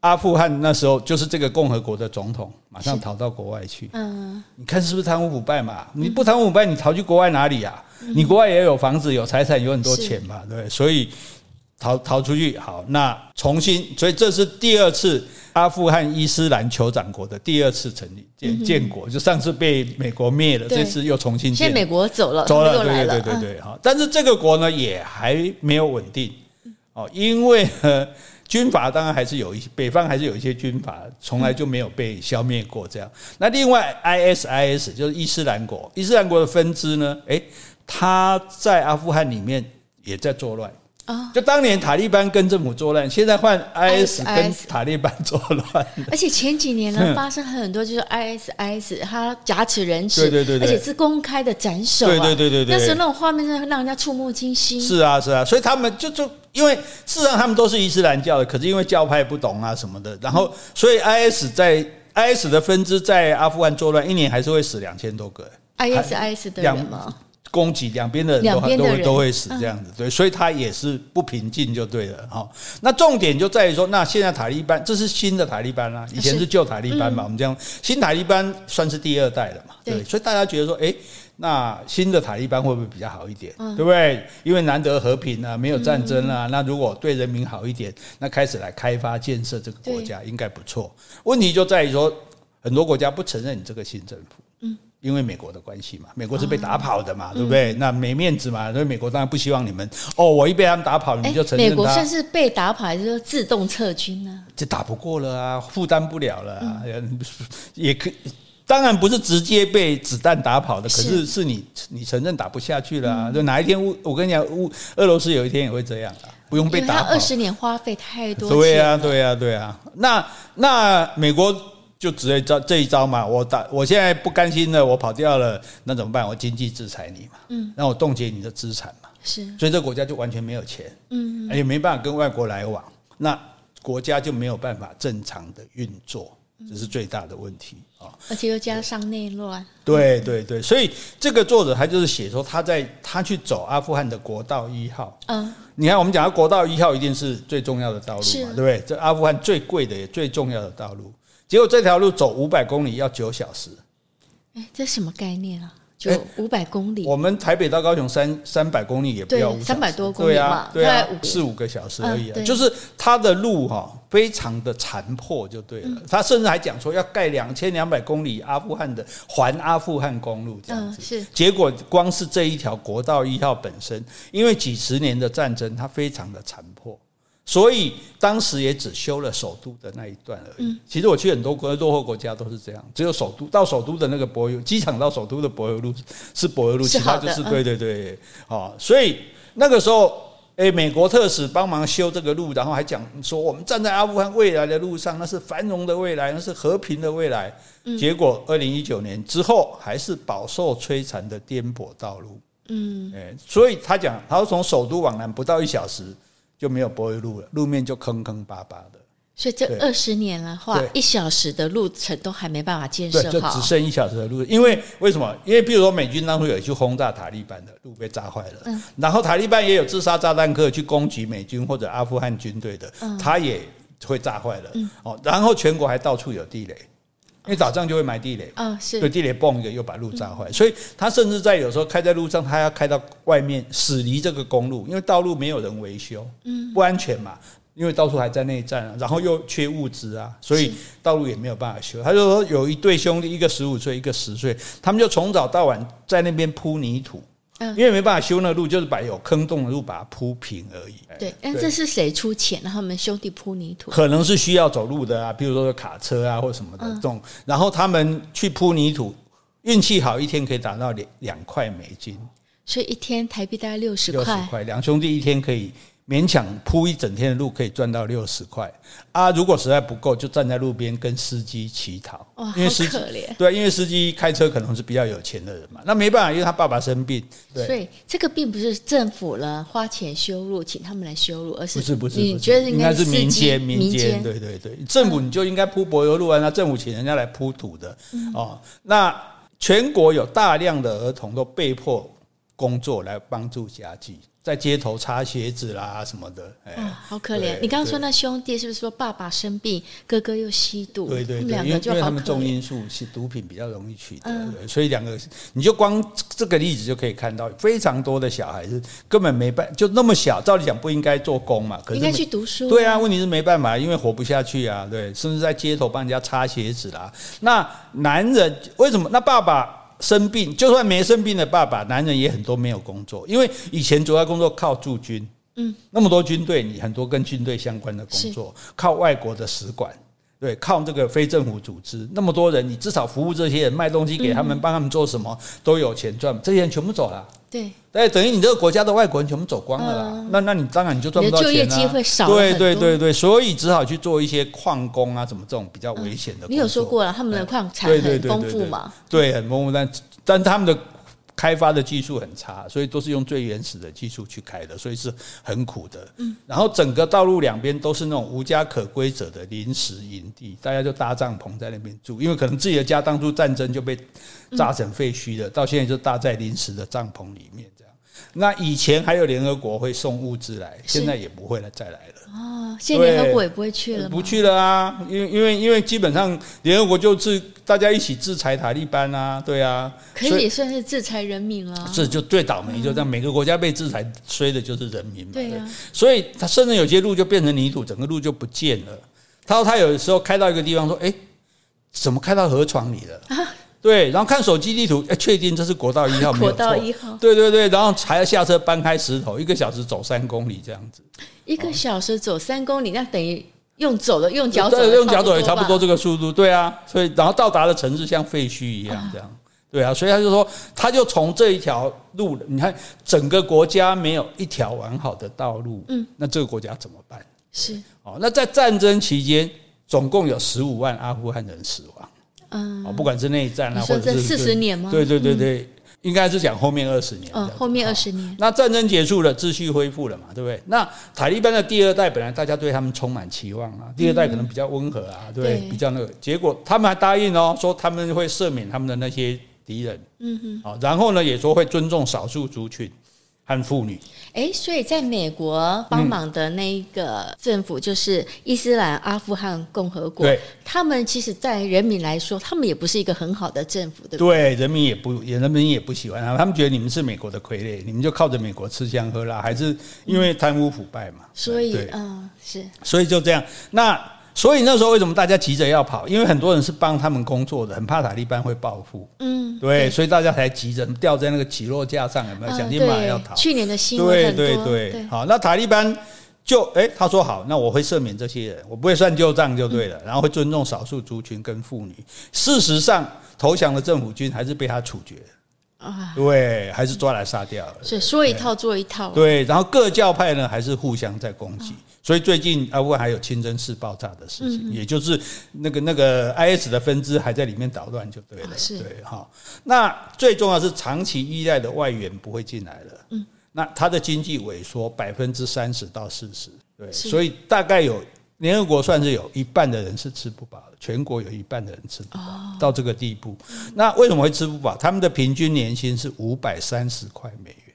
阿富汗那時候就是這個共和國的總統，馬上逃到國外去。嗯，你看是不是貪污腐敗嘛、嗯？你不貪污腐敗，你逃去國外哪裡呀、啊？你國外也有房子、有財產、有很多錢嘛？對，所以逃逃出去好，那重新，所以這是第二次阿富汗伊斯蘭酋長國的第二次成立建建國，就上次被美國滅了，這次又重新建。美國走了，走了，對對對對對，好，但是這個國呢，也還沒有穩定。哦，因為呢，軍閥當然還是有一些，北方還是有一些軍閥，從來就沒有被消滅過，這樣。那另外，ISIS 就是伊斯蘭國，伊斯蘭國的分支呢，誒，它在阿富汗裡面也在作亂。哦、就當年塔利班跟政府作亂，現在換 I S 跟塔利班作亂。而且前幾年呢，發生很多就是 I S I S，他挾持人質，而且是公開的斬首、啊。對對對對,對,對那時候那種畫面是讓人家觸目驚心。是啊是啊，所以他們就就因為，事實上他們都是伊斯蘭教的，可是因為教派不懂啊什麼的，然後所以 I S 在 I S 的分支在阿富汗作亂，一年還是會死兩千多個。I S I S 的人嗎？攻擊兩邊的人，有很多人都會死，這樣子對，所以它也是不平靜就對了哈。那重點就在於說，那現在塔利班，這是新的塔利班啦、啊，以前是舊塔利班嘛，我們講新塔利班算是第二代了嘛，對。所以大家覺得說，誒，那新的塔利班會不會比較好一點？對不對？因為難得和平啊，沒有戰爭啊，那如果對人民好一點，那開始來開發建設這個國家應該不錯。問題就在於說，很多國家不承認你這個新政府。因為美國的關係嘛，美國是被打跑的嘛、嗯，對不對？那沒面子嘛，所以美國當然不希望你們。哦，我一被他們打跑，你就承認。美國算是被打跑，還是自動撤軍呢、啊？就打不過了啊，負擔不了了、啊嗯，也可當然不是直接被子彈打跑的，嗯、可是是你你承認打不下去了、啊嗯。就哪一天烏，我跟你講烏俄羅斯有一天也會這樣啊，不用被打跑。因為他二十年花費太多錢。對啊，對啊，對啊。那那美國。就只有一招，這一招嘛，我打我現在不甘心的，我跑掉了，那怎麼辦？我經濟制裁你嘛，嗯，那我凍結你的資產嘛。是，所以這個國家就完全沒有錢，嗯，哎，也沒辦法跟外國來往，那國家就沒有辦法正常的運作，嗯，這是最大的問題啊！而且又加上內亂，對對對，所以這個作者他就是寫說，他在他去走阿富汗的國道一號，嗯，你看我們講到國道一號一定是最重要的道路嘛，啊，對不對？這阿富汗最貴的也最重要的道路。結果這條路走五百公里要九小時，哎，這什麼概念啊？就五百公里，我們台北到高雄三三百公里也不要五小時，三百多公里嘛，對啊，四五個、啊、個小時而已。嗯、就是它的路哈、哦、非常的殘破，就對了、嗯。他甚至還講說要蓋兩千兩百公里阿富汗的環阿富汗公路這樣子、嗯，結果光是這一條國道一號本身，因為幾十年的戰爭，它非常的殘破。所以當時也只修了首都的那一段而已。嗯、其實我去很多國落後國家都是這樣，只有首都到首都的那個柏油機場到首都的柏油路是柏油路，其他就是,是好的,對對對。啊、哦，所以那個時候、欸，美國特使幫忙修這個路，然後還講說我們站在阿富汗未來的路上，那是繁榮的未來，那是和平的未來。嗯、結果二零一九年之後，還是飽受摧殘的顛簸道路。嗯、欸，所以他講，他說從首都往南不到一小時。就沒有柏油路了，路面就坑坑巴巴的。所以這二十年的話，對對，一小時的路程都還沒辦法建設好，就只剩一小時的路。因為為什麼？因為比如說美軍當初有去轟炸塔利班的路被炸壞了，然後塔利班也有自殺炸彈客去攻擊美軍或者阿富汗軍隊的，他也會炸壞了。哦，然後全國還到處有地雷。因為打仗就會埋地雷，就地雷蹦一個又把路炸壞，所以他甚至在有時候開在路上，他要開到外面駛離這個公路，因為道路沒有人維修，不安全嘛，因為到處還在內戰，然後又缺物資啊，所以道路也沒有辦法修。他就說有一對兄弟，一個十五歲，一個十歲，他們就從早到晚在那邊鋪泥土。嗯、因為沒辦法修那路，就是把有坑洞的路把它鋪平而已。對，對但這是誰出錢？然後我們兄弟鋪泥土，可能是需要走路的啊，比如說卡車啊或什麼的、嗯、然後他們去鋪泥土，運氣好一天可以達到兩兩塊美金，所以一天台幣大概六十塊，六十塊，兩兄弟一天可以。勉強鋪一整天的路可以賺到六十塊啊！如果實在不夠，就站在路邊跟司機乞討。哇，好可憐。對，因為司機開車可能是比較有錢的人嘛。那沒辦法，因為他爸爸生病。對。所以這個並不是政府呢花錢修路，請他們來修路，而是不是不是？你覺得應該是，是民間？民間。對對對，政府你就應該鋪柏油路啊！那政府請人家來鋪土的。嗯，哦，那全國有大量的兒童都被迫工作來幫助家計。在街頭擦鞋子啦什麼的，哎、哦，好可憐！你剛剛說那兄弟是不是說爸爸生病，哥哥又吸毒？對對對，兩個就因為他們重因素是毒品比較容易取得，嗯、所以兩個，你就光這個例子就可以看到，非常多的小孩子根本沒辦法，就那麼小，照理講不應該做工嘛，可應該去讀書。對啊，問題是沒辦法，因為活不下去啊。對，甚至在街頭幫人家擦鞋子啦。那男人為什麼？那爸爸。生病，就算沒生病的爸爸，男人也很多沒有工作，因為以前主要工作靠駐軍，嗯，那麼多軍隊，你很多跟軍隊相關的工作，靠外國的使館。對，靠這個非政府組織那麼多人，你至少服務這些人，賣東西給他們，幫、嗯、他們做什麼都有錢賺。這些人全部走了，對，哎，等於你這個國家的外國人全部走光了啦。嗯、那那你當然你就賺不到錢了、啊。就業機會少很多對對對對，所以只好去做一些礦工啊，什麼這種比較危險的、嗯。你有說過了，他們的礦產很豐富嘛？對，很豐富，但但他們的。開發的技術很差，所以都是用最原始的技術去開的，所以是很苦的。嗯。然後整個道路兩邊都是那種無家可歸者的臨時營地，大家就搭帳篷在那邊住，因為可能自己的家當初戰爭就被炸成廢墟了，嗯。到現在就搭在臨時的帳篷裡面這樣。那以前還有聯合國會送物資來，現在也不會了，再來了。哦，現在聯合國也不會去了，不去了啊！嗯、因為因為因為基本上聯合國就是大家一起制裁塔利班啊，對啊。可是也算是制裁人民啊。這就最倒霉，就這樣、嗯，每個國家被制裁，衰的就是人民嘛。對啊對。所以他甚至有些路就變成泥土，整個路就不見了。他說他有的時候開到一個地方，說：“哎、欸，怎麼開到河床裡了？”啊對，然後看手機地圖，要確定這是國道一號，號，沒有錯。國道一號，對對對，然後才要下車搬開石頭，一個小時走三公里這樣子。一個小時走三公里，哦，那等於用走的，用腳走，用腳走也差不多這個速度。對啊，所以然後到達的城市像廢墟一樣這樣，啊。對啊，所以他就說，他就從這一條路，你看整個國家沒有一條完好的道路。嗯，那這個國家怎麼辦？是哦，那在戰爭期間，總共有十五萬阿富汗人死亡。嗯，啊、哦，不管是內戰啊，或者是四十年嘛，對對對對、嗯，應該是講後面二十年。嗯、後面、哦，後面二十年。那戰爭結束了，秩序恢復了嘛，對不對？那塔利班的第二代本來大家對他們充滿期望啊，嗯、第二代可能比較溫和啊，對，對比較那個。結果他們還答應哦，說他們會赦免他們的那些敵人，嗯哼、哦，啊，然後呢也說會尊重少數族群。和婦女、欸，所以在美國幫忙的那個政府就是伊斯蘭阿富汗共和國，他們其實，在人民來說，他們也不是一個很好的政府，對，對，對，人民也不也，人民也不喜歡，他們覺得你們是美國的傀儡，你們就靠着美國吃香喝辣，還是因為貪污腐敗嘛，所以，嗯，是，所以就這樣，那。所以那時候為什麼大家急着要跑？因為很多人是幫他們工作的，很怕塔利班會報復。嗯對，對，所以大家才急着掉在那個起落架上有沒有、嗯，想立馬要逃。去年的新聞很多對對對，對，好，那塔利班就哎、欸，他說好，那我會赦免這些人，我不會算舊賬，就對了、嗯。然後會尊重少數族群跟婦女、嗯。事實上，投降的政府軍還是被他處決啊，對，還是抓來殺掉了。是、嗯、說一套做一套對。對，然後各教派呢，還是互相在攻擊。嗯所以最近阿富汗還有清真寺爆炸的事情，嗯、也就是那個那個 I S 的分支還在裡面搗亂，就對了。啊、是，對哈。那最重要的是長期依賴的外援不會進來了。嗯。那它的經濟萎縮百分之三十到四十，對，所以大概有聯合國算是有一半的人是吃不飽的，全國有一半的人吃不飽，哦，到這個地步。那為什麼會吃不飽？他們的平均年薪是五百三十塊美元。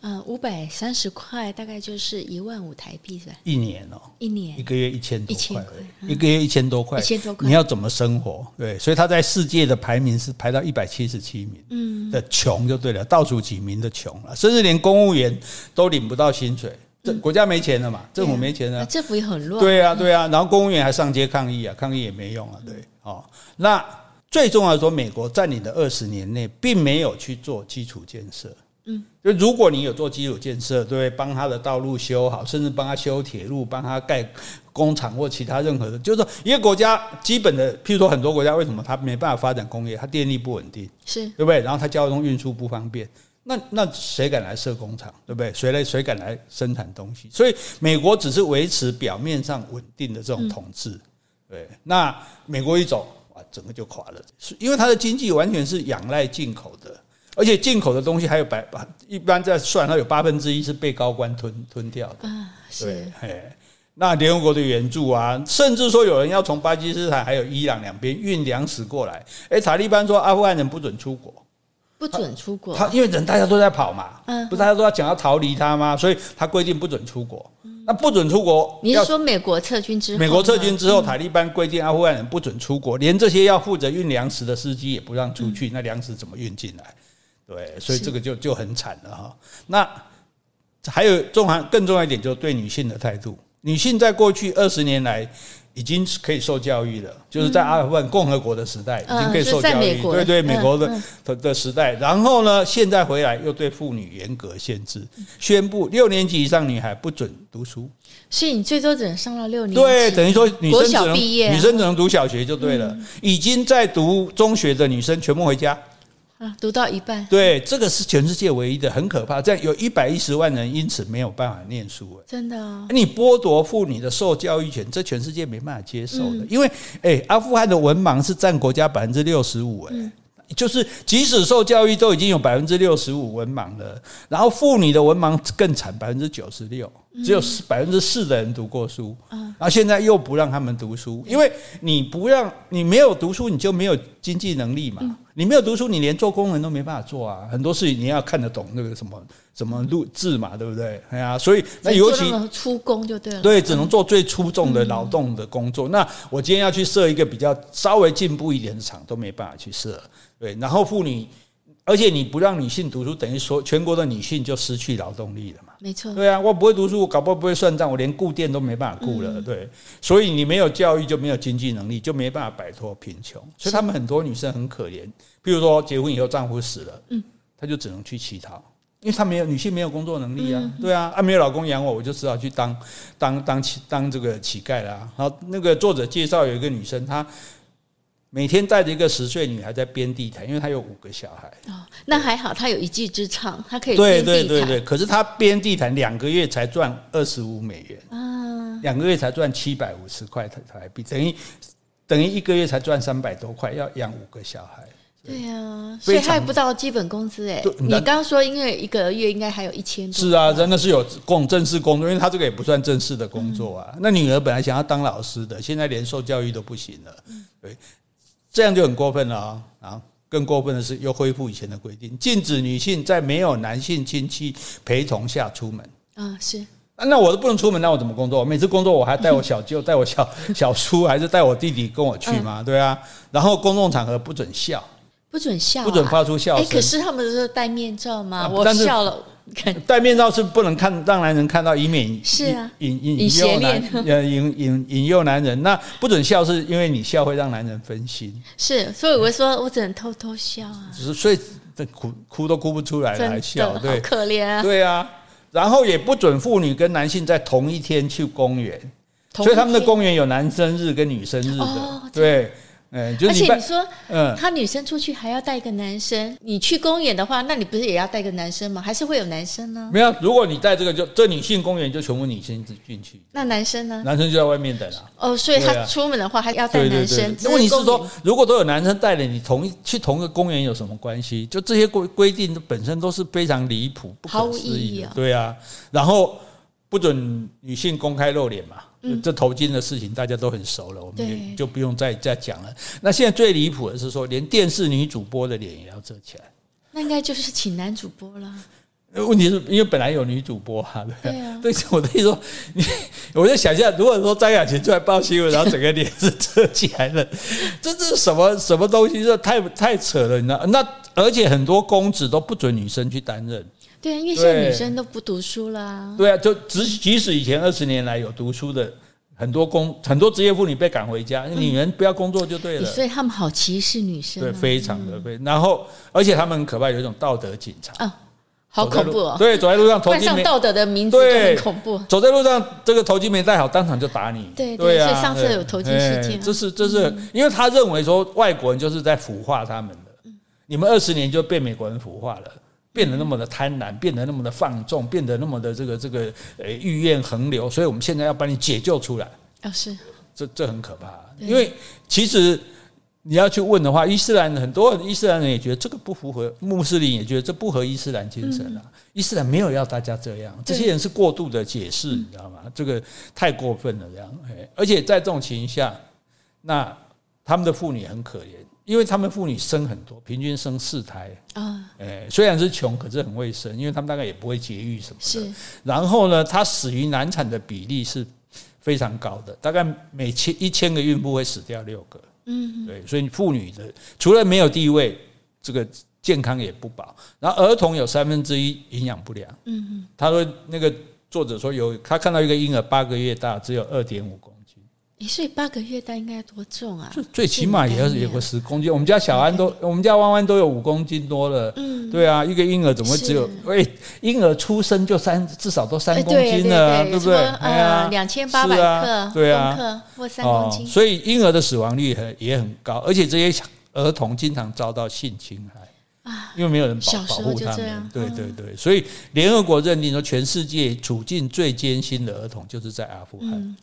呃，五百三十塊，大概就是一萬五台幣，是吧？一年哦，一年一個月一千多塊，一個月一千多塊、嗯，一千多塊。你要怎麼生活？對，所以他在世界的排名是排到一百七十七名，嗯，的窮就對了，倒數幾名的窮了，甚至連公務員都領不到薪水，嗯、這國家沒錢了嘛？政府沒錢了，啊、政府也很亂，對啊，對啊。然後公務員還上街抗議啊，抗議也沒用啊，對，哦、嗯。那最重要的說，美國佔領的二十年內，並沒有去做基礎建設。嗯，就如果你有做基礎建設，對不對？幫他的道路修好，甚至幫他修鐵路，幫他蓋工廠或其他任何的，就是說一個國家基本的，譬如說很多國家為什麼他沒辦法發展工業？他電力不穩定，是對不對？然後他交通運輸不方便，那那誰敢來設工廠，對不對？誰來誰敢來生產東西？所以美國只是維持表面上穩定的這種統治，嗯，對。那美國一走，哇，整個就垮了，因為它的經濟完全是仰賴進口的。而且進口的東西還有百一般在算，它有八分之一是被高官吞吞掉的、uh,。對，是。那聯合國的援助啊，甚至說有人要從巴基斯坦還有伊朗兩邊運糧食過來。誒、欸，塔利班說阿富汗人不准出國，不准出國。他,他因為人大家都在跑嘛，嗯、uh -huh.，不是大家都要講要逃離他嗎？所以他規定不准出國。那不准出國，你是說美國撤軍之後？美國撤軍之後，塔利班規定阿富汗人不准出國，連這些要負責運糧食的司機也不讓出去，uh -huh. 那糧食怎麼運進來？對，所以這個就就很慘了哈。那還有重，重要更重要一點，就是對女性的態度。女性在過去二十年來已經可以受教育了，嗯、就是在阿富汗共和國的時代已經可以受教育，嗯就是、對，對對，美國的、嗯嗯、的時代。然後呢，現在回來又對婦女嚴格限制，宣布六年級以上女孩不准讀書，所以你最多只能上到六年級，對，等於說女生只能小、啊、女生只能讀小學就對了、嗯。已經在讀中學的女生全部回家。啊，讀到一半，對，這個是全世界唯一的，很可怕。這樣有一百一十萬人因此沒有辦法念書，真的、哦。你剝奪婦女的受教育權，這全世界沒辦法接受的。嗯、因為，哎、欸，阿富汗的文盲是占國家百分之六十五，就是即使受教育都已經有百分之六十五文盲了，然後婦女的文盲更慘，百分之九十六。只有百分之四的人讀過書，啊，現在又不讓他們讀書，因為你不讓你沒有讀書，你就沒有經濟能力嘛。你沒有讀書，你連做工人都沒辦法做啊。很多事情你要看得懂那個什麼什麼錄字嘛，對不對？哎呀，所以那尤其出工就對了，對，只能做最粗重的勞動的工作。那我今天要去設一個比較稍微進步一點的廠，都沒辦法去設。對，然後婦女。而且你不讓女性讀書，等於說全國的女性就失去勞動力了嘛？沒錯。對啊，我不會讀書，我搞不好不會算賬，我連顧店都沒辦法顧了、嗯。對，所以你沒有教育就沒有經濟能力，就沒辦法擺脫貧窮。所以他們很多女生很可憐，比如說結婚以後丈夫死了，她、嗯、就只能去乞討，因為她沒有女性沒有工作能力啊。嗯、對啊，啊沒有老公養我，我就只好去當當當乞當這個乞丐了、啊。然後那個作者介紹有一個女生，她。每天帶着一個十歲女孩在編地毯，因為她有五個小孩。哦，那還好，她有一技之長，她可以編地毯。對對對對，可是她編地毯兩個月才賺二十五美元，啊、兩個月才賺七百五十塊台幣，等於等於一個月才賺三百多塊，要養五個小孩。對呀、啊？所以還也不到基本工資哎。你剛剛說因為一個月應該還有一千多塊。是啊，真的是有工正式工作，因為她這個也不算正式的工作啊、嗯。那女兒本來想要當老師的，現在連受教育都不行了。對。這樣就很過分了啊、哦！啊，更過分的是又恢復以前的規定，禁止女性在沒有男性親戚陪同下出門。啊、嗯，是啊。那我都不能出門，那我怎麼工作？每次工作我還帶我小舅、 帶我小小叔，還是帶我弟弟跟我去嘛、嗯？對啊。然後公眾場合不准笑，不准笑、啊，不准發出笑聲。哎，可是他們都是戴面罩嘛、啊？我笑了。戴面罩是不能看，讓男人看到，以免是啊引引誘男呃引引引誘男人。那不准笑是因為你笑會讓男人分心。是，所以我說我只能偷偷笑啊。是，所以哭哭都哭不出來，還笑，對，好可憐啊，對啊。然後也不准婦女跟男性在同一天去公園，所以他們的公園有男生日跟女生日的，哦、對。欸、而且你說，嗯，他女生出去還要帶一個男生，你去公園的話，那你不是也要帶個男生嗎？還是會有男生呢？沒有，如果你帶這個就，就這女性公園就全部女性進去，那男生呢？男生就在外面等啊。哦，所以他出門的話還、啊啊、要帶男生。那問是，是說，如果都有男生帶了，你同去同一個公園有什麼關係？就這些規規定本身都是非常離譜、不可思議啊、哦。對啊。然後不准女性公開露臉嘛？這頭巾的事情大家都很熟了，我們就就不用再再講了。那現在最離譜的是說，連電視女主播的臉也要遮起來，那應該就是請男主播了。問題是因為本來有女主播哈、啊、對啊，對啊對。對，我的意思說，我就想一下，如果說張雅琴出來報新聞，然後整個臉是遮起來了，這這是什麼什麼東西？這太太扯了，你知道？那而且很多公職都不准女生去擔任。對，因為現在女生都不讀書啦、啊。對啊，就即即使以前二十年來有讀書的，很多工，很多職業婦女被趕回家、欸，女人不要工作就對了。所以他們好歧視女生、啊，對，非常的、嗯。然後，而且他們很可怕，有一種道德警察啊，好恐怖哦。對，走在路上頭巾道德的名字就很恐怖。走在路上這個頭巾沒戴好，當場就打你。對對啊，對對，所以上次有頭巾事件、啊，這是這是因為他認為說外國人就是在腐化他們的，嗯、你們二十年就被美國人腐化了。變得那麼的貪婪，變得那麼的放縱，變得那麼的這個這個呃欲、欸、念橫流，所以我們現在要把你解救出來啊、哦！是，這這很可怕，因為其實你要去問的話，伊斯蘭很多人伊斯蘭人也覺得這個不符合穆斯林，也覺得這不合伊斯蘭精神啊、嗯。伊斯蘭沒有要大家這樣，這些人是過度的解釋，你知道嗎？這個太過分了這樣，嘿而且在這種情況下，那他們的婦女很可憐。因為他們婦女生很多，平均生四胎啊，誒、oh. 欸，雖然是窮，可是很會生，因為他們大概也不會節育什麼的。是。然後呢，他死於難產的比例是非常高的，大概每千一千個孕婦會死掉六個。嗯、mm -hmm.，對，所以婦女的除了沒有地位，這個健康也不保。然後兒童有三分之一營養不良。嗯嗯，他說那個作者說有他看到一個嬰兒八個月大，只有二點五公。一歲八個月大應該多重啊？最起碼也要有個十公斤。我們家小安都，我們家彎彎都有五公斤多了。嗯，對啊，一個嬰兒怎麼會只有？餵，嬰兒出生就三，至少都三公斤了，對對對對對，對不對？哎呀，兩千八百克，啊，對啊，或三公斤。所以嬰兒的死亡率很也很高，而且這些兒童經常遭到性侵害啊，因為沒有人保護他們。對對對、嗯，所以聯合國認定說，全世界處境最艱辛的兒童就是在阿富汗、嗯。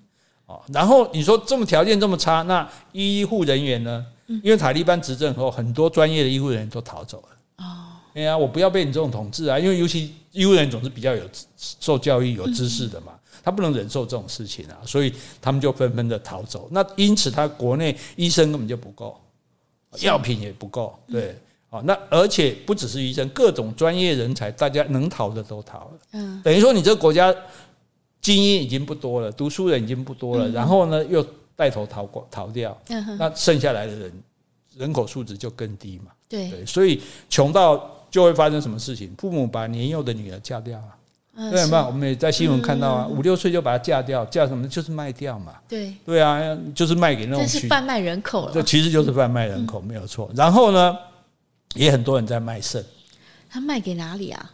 然後你說這麼條件這麼差，那醫護人員呢、嗯？因為塔利班執政後，很多專業的醫護人員都逃走了。對、哦、啊，我不要被你這種統治啊！因為尤其醫護人員總是比較有受教育、有知識的嘛、嗯，他不能忍受這種事情啊，所以他們就紛紛的逃走。那因此，他國內醫生根本就不夠，藥品也不夠。對，好、嗯，那而且不只是醫生，各種專業人才，大家能逃的都逃了。嗯，等於說你這個國家。精英已經不多了，讀書人已經不多了，嗯、然後呢，又帶頭逃過逃掉、嗯，那剩下來的人人口素質就更低嘛。對。對，所以窮到就會發生什麼事情？父母把年幼的女兒嫁掉啊、嗯？對，沒有，我們也在新聞看到啊，五、嗯、六歲就把她嫁掉，嫁什麼？就是賣掉嘛。對，對啊，就是賣給那種去販賣人口了。這其實就是販賣人口、嗯，沒有錯。然後呢，也很多人在賣腎。他賣給哪裡啊？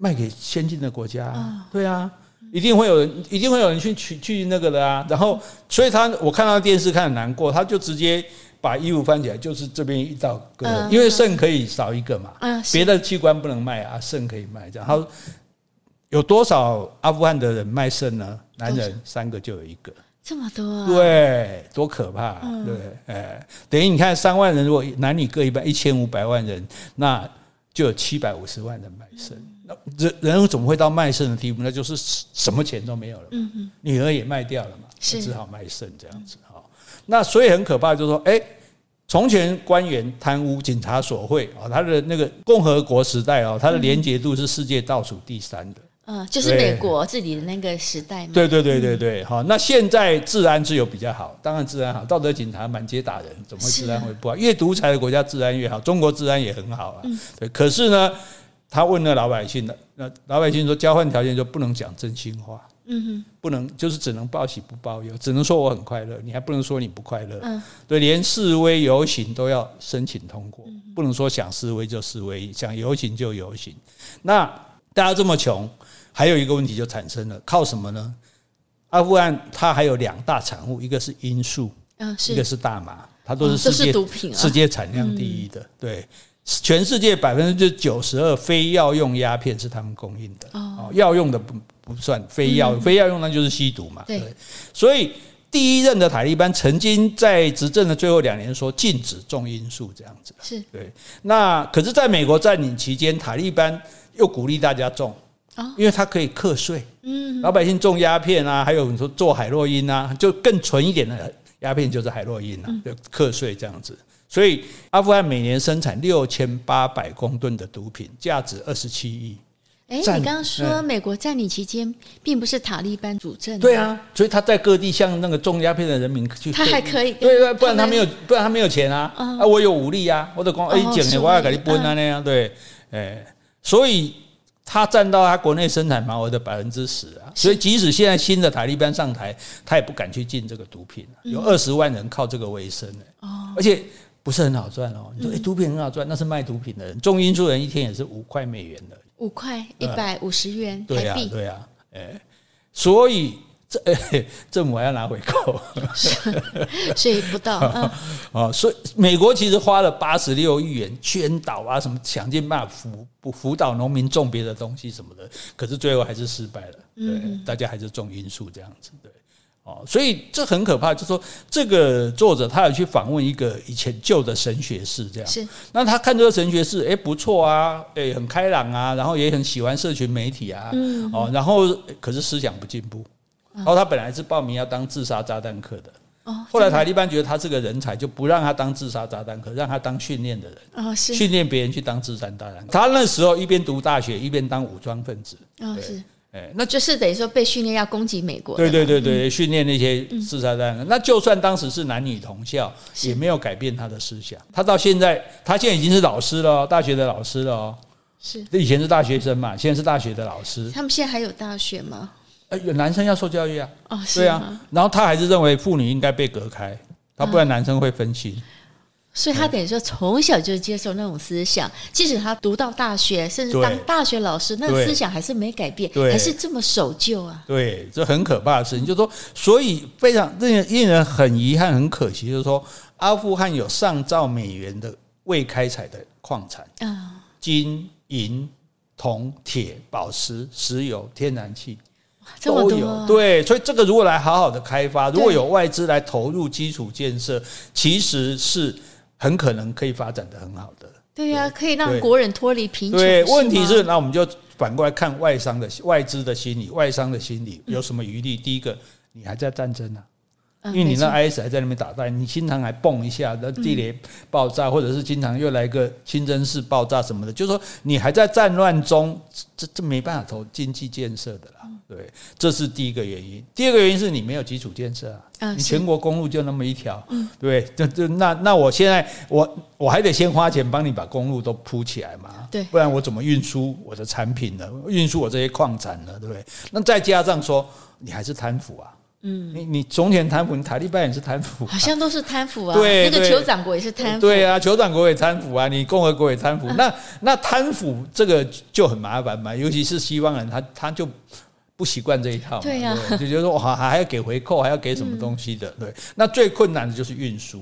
賣給先進的國家。哦、對啊。一定會有人，一定會有人去去去那個的啊！然後，所以他我看到電視看很難過，他就直接把衣服翻起來，就是這邊一道。割、呃、因為腎可以少一個嘛，呃、別的器官不能賣啊，呃、啊腎可以賣。這樣，然後有多少阿富汗的人賣腎呢？男人三個就有一個，這麼多啊？對，多可怕、啊嗯！對，哎，等於你看三萬人，如果男女各一半，一千五百萬人，那就有七百五十萬人賣腎。嗯那人人怎麼會到賣腎的地步？那就是什麼錢都沒有了、嗯，女兒也賣掉了嘛，是只好賣腎這樣子。那所以很可怕，就是說，哎、欸，從前官員貪污、警察索賄啊，他的那個共和國時代他的廉潔度是世界倒數第三的、嗯啊。就是美國自己的那個時代嘛。對對對對對，那現在治安自由比較好，當然治安好，道德警察滿街打人，怎麼會治安會不好？越獨裁的國家治安越好，中國治安也很好啊。嗯、對，可是呢。他問了老百姓的，那老百姓說交換條件就不能講真心話，嗯哼，不能就是只能報喜不報憂，只能說我很快樂，你還不能說你不快樂，嗯，對，連示威遊行都要申請通過，嗯，不能說想示威就示威，想遊行就遊行。那大家這麼窮，還有一個問題就產生了，靠什麼呢？阿富汗它還有兩大產物，一個是罌粟，嗯，一個是大麻，它都是世界，哦，是毒品啊，世界產量第一的，嗯，對。全世界百分之九十二非藥用鴉片是他們供應的哦，藥用的不不算非。mm -hmm. 非藥非藥用那就是吸毒嘛對對。所以第一任的塔利班曾經在執政的最後兩年說禁止種罌粟這樣子，是對。那可是在美國占領期間，塔利班又鼓勵大家種。oh. 因為它可以課稅。嗯、mm -hmm.，老百姓種鴉片啊，還有你說做海洛因啊，就更純一點的鴉片就是海洛因啊，mm -hmm. 就課稅這樣子。所以阿富汗每年生產六千八百公噸的毒品，價值二十七億。哎、欸，你剛剛說美國佔領期間，並不是塔利班主政、啊嗯。對啊，所以他在各地向那個種鴉片的人民去，他還可以對、嗯、對不然他沒有他，不然他沒有錢啊、嗯、啊！我有武力啊，我就光哎，撿些瓜要給你搬啊，那、嗯、樣對，哎，所以他占到他國內生產毛額的百分之十啊。所以即使現在新的塔利班上台，他也不敢去禁這個毒品、啊嗯、有二十萬人靠這個為生的哦，而且。不是很好賺哦。你說哎，毒品很好賺，那是賣毒品的人。種罌粟的人一天也是五塊美元的，五塊一百五十元台幣、嗯。對啊，對啊，欸、所以這這我還要拿回扣，所以不到啊、嗯嗯。所以美國其實花了八十六億元勸導啊，什麼想盡辦法輔輔導農民種別的東西什麼的，可是最後還是失敗了。對、嗯、大家還是種罌粟這樣子。對。哦，所以這很可怕，就是說這個作者他有去訪問一個以前舊的神學士，這樣是，那他看這個神學士，誒不錯啊，哎，很開朗啊，然後也很喜歡社群媒體啊，哦、嗯嗯嗯，然後可是思想不進步、哦。然後他本來是報名要當自殺炸彈客的、哦，後來塔利班覺得他是個人才，就不讓他當自殺炸彈客，讓他當訓練的人、哦、訓練別人去當自殺炸彈、哦。他那時候一邊讀大學一邊當武裝分子，哦對那就是等於說被訓練要攻擊美國的。對對對對，訓、嗯、練那些自殺炸彈。那就算當時是男女同校，也沒有改變他的思想。他到現在，他現在已經是老師了、哦，大學的老師了、哦。是。以前是大學生嘛，現在是大學的老師。他們現在還有大學嗎？哎、有男生要受教育啊。哦、是。對啊，然後他還是認為婦女應該被隔開，他不然男生會分心。啊所以他等於說從小就接受那種思想，即使他讀到大學，甚至當大學老師，那個思想還是沒改變，還是這麼守舊啊？對，這很可怕的事情，就是說，所以非常令人令人很遺憾、很可惜，就是說，阿富汗有上兆美元的未開採的礦產，啊、嗯，金、銀、銅、鐵、寶石、石油、天然氣，都有，這麼多啊。對，所以這個如果來好好的開發，如果有外資來投入基礎建設，其實是。很可能可以發展的很好的，對呀、啊，可以讓國人脫離貧窮。對，問題是，那我們就反過來看外商的外資的心理，外商的心理有什麼餘力、嗯？第一個，你還在戰爭呢、啊嗯，因為你那 IS 還在那邊打戰、嗯，你經常還蹦一下那地雷爆炸、嗯，或者是經常又來個清真寺爆炸什麼的，就是說你還在戰亂中，這這沒辦法投經濟建設的啦。嗯對，這是第一個原因。第二個原因是你沒有基礎建設啊，啊你全國公路就那麼一條，嗯、對，就就那那我現在我我還得先花錢幫你把公路都鋪起來嘛，對，不然我怎麼運輸我的產品呢？運輸我這些礦產呢，對不對？那再加上說你還是貪腐啊，嗯，你你從前貪腐，你塔利班也是貪腐、啊，好像都是貪腐啊，對，對，那個酋長國也是貪腐。對啊，酋長國也貪腐啊，你共和國也貪腐，啊、那那貪腐這個就很麻煩嘛，尤其是西方人他，他他就。不習慣這一套，對呀、啊，就覺得我還還要給回扣，還要給什麼東西的，嗯、對。那最困難的就是運輸，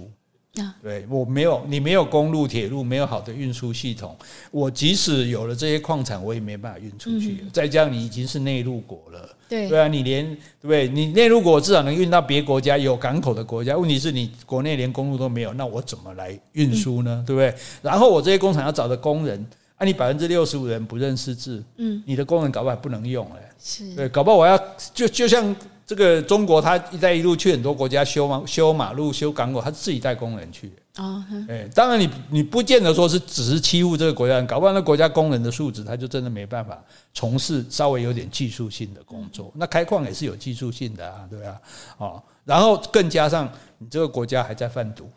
啊、對我沒有，你沒有公路、鐵路，沒有好的運輸系統，我即使有了這些礦產，我也沒辦法運出去。再加上，你已經是內陸國了，對對啊，你連對不對？你內陸國至少能運到別國家有港口的國家，問題是你國內連公路都沒有，那我怎麼來運輸呢？嗯、對不對？然後我這些工廠要找的工人。那、啊、你百分之六十五的人不認識字，嗯，你的工人搞不好還不能用哎，是，對，搞不好我要就就像這個中國，他一帶一路去很多國家修馬修馬路修港口，他自己帶工人去哦，當然你你不見得說是只是欺負這個國家，搞不好那國家工人的素質他就真的沒辦法從事稍微有點技術性的工作，那開礦也是有技術性的啊，對吧、啊？啊、哦，然後更加上你這個國家還在販毒。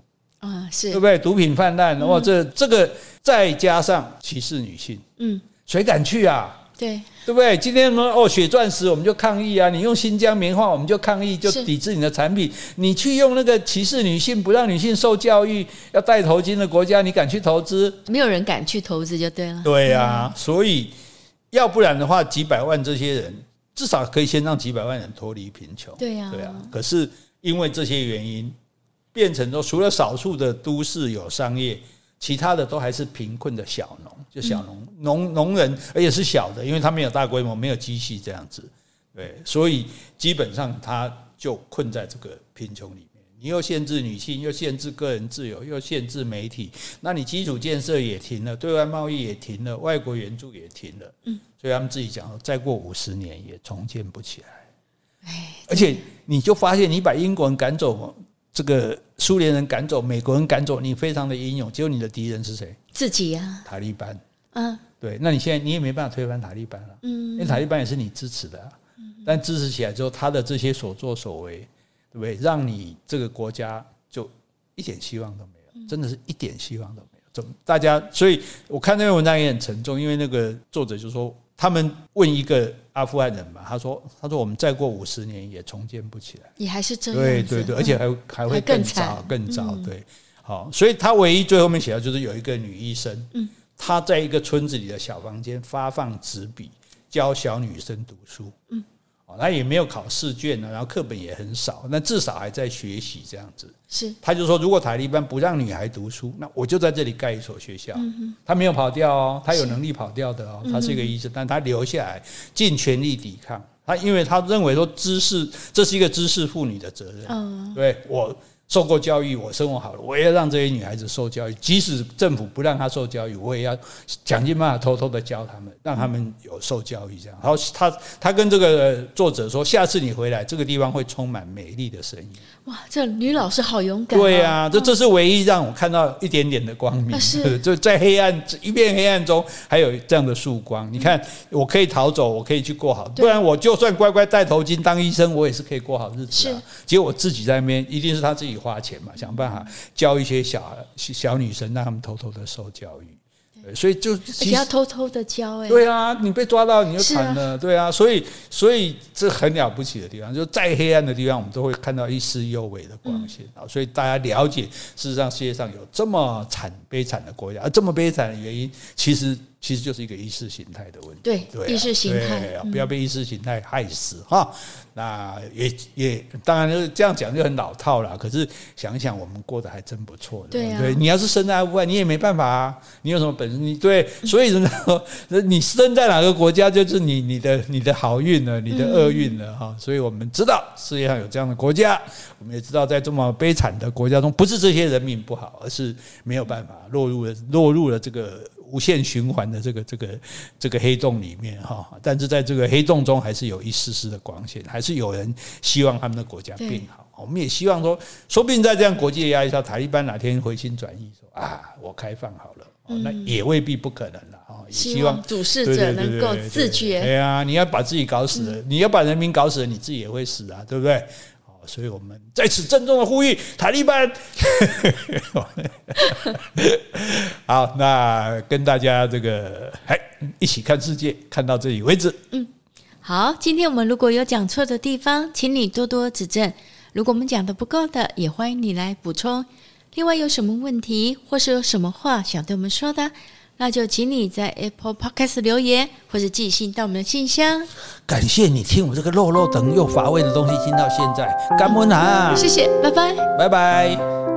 啊、嗯，是對不對？毒品泛濫，哇、嗯哦，這這個再加上歧視女性，嗯，誰敢去啊？對，對不對？今天說哦，血鑽石我們就抗議啊，你用新疆棉花我們就抗議，就抵制你的產品。你去用那個歧視女性、不讓女性受教育、要戴頭巾的國家，你敢去投資？沒有人敢去投資就對了。對呀、啊嗯，所以要不然的話，幾百萬這些人至少可以先讓幾百萬人脫離貧窮。對呀、啊，對呀、啊嗯。可是因為這些原因。變成說，除了少數的都市有商業，其他的都還是貧困的小農，就小農農農人，而且是小的，因為他沒有大規模，沒有機器這樣子，對，所以基本上他就困在這個貧窮裡面。你又限制女性，又限制個人自由，又限制媒體，那你基礎建設也停了，對外貿易也停了，外國援助也停了，嗯，所以他們自己講，再過五十年也重建不起來。而且你就發現，你把英國人趕走，這個蘇聯人趕走，美國人趕走，你非常的英勇。結果你的敵人是誰？自己啊！塔利班。嗯、啊，對。那你現在你也沒辦法推翻塔利班了。嗯，因為塔利班也是你支持的、啊。嗯。但支持起來之後，他的這些所作所為，對不對？讓你這個國家就一點希望都沒有，嗯、真的是一點希望都沒有。怎麼大家？所以我看這篇文章也很沉重，因為那個作者就說。他們問一個阿富汗人嘛，他說：“他說我們再過五十年也重建不起來，也還是這樣子。對對對，而且還、嗯、還會更早更，更早。對、嗯，好，所以他唯一最後面寫的就是有一個女醫生，她、嗯、在一個村子裡的小房間發放紙筆，教小女生讀書，嗯哦，那也沒有考試卷呢，然後課本也很少，那至少還在學習這樣子。是，他就說，如果塔利班不讓女孩讀書，那我就在這裡蓋一所學校。嗯，他沒有跑掉哦，他有能力跑掉的哦，是，他是一個醫生，嗯，但他留下來盡全力抵抗。他因為他認為說，知識，這是一個知識婦女的責任。嗯，對我。受過教育，我生活好了。我也要讓這些女孩子受教育，即使政府不讓她受教育，我也要想盡辦法偷偷的教她們，讓她們有受教育這樣。然後她她跟這個作者說，下次你回來，這個地方會充滿美麗的聲音。哇，這女老師好勇敢！哦。對啊，這這是唯一讓我看到一點點的光明。啊，是 就在黑暗一片黑暗中，還有這樣的曙光，嗯。你看，我可以逃走，我可以去過好，不然我就算乖乖戴頭巾當醫生，我也是可以過好日子的，啊。結果我自己在那邊，一定是他自己花錢嘛，想辦法教一些小小女生，讓他們偷偷的受教育。所以就，你要偷偷的教哎。對啊，你被抓到你就慘了，對啊。所以所以這很了不起的地方，就在黑暗的地方，我們都會看到一絲幽微的光線啊。所以大家了解，事實上世界上有這麼慘悲慘的國家，而這麼悲慘的原因，其實。其實就是一個意識形態的問題，對，對、啊、意識形態、啊，不要被意識形態害死哈、嗯。那也也當然就是這樣講就很老套了。可是想想我們過得還真不錯，對、啊、對？你要是生在國外，你也沒辦法啊。你有什麼本事？你對，所以知道、嗯、你生在哪個國家，就是你你的你的好運了，你的厄運了哈、嗯。所以我們知道世界上有這樣的國家，我們也知道在這麼悲慘的國家中，不是這些人民不好，而是沒有辦法落入了，嗯、落入了這個。無限循環的這個,這個這個這個黑洞裡面哈，但是在這個黑洞中還是有一絲絲的光線，還是有人希望他們的國家變好。我們也希望說，說不定在這樣國際的壓力下，塔利班哪天回心轉意說啊，我開放好了，嗯、那也未必不可能了，也希望，嗯、希望主事者能夠自覺。哎呀、啊，你要把自己搞死了、嗯，你要把人民搞死了，你自己也會死啊，對不對？所以我們在此鄭重的呼籲塔利班。好，那跟大家這個嘿，一起看世界，看到這裡為止。嗯，好，今天我們如果有講錯的地方，請你多多指正。如果我們講的不夠的，也歡迎你來補充。另外，有什麼問題，或是有什麼話想對我們說的，那就請你在 Apple Podcast 留言，或者寄信到我們的信箱。感謝你聽我這個落落長又乏味的東西，聽到現在，感恩啊、嗯！謝謝，拜拜，拜拜。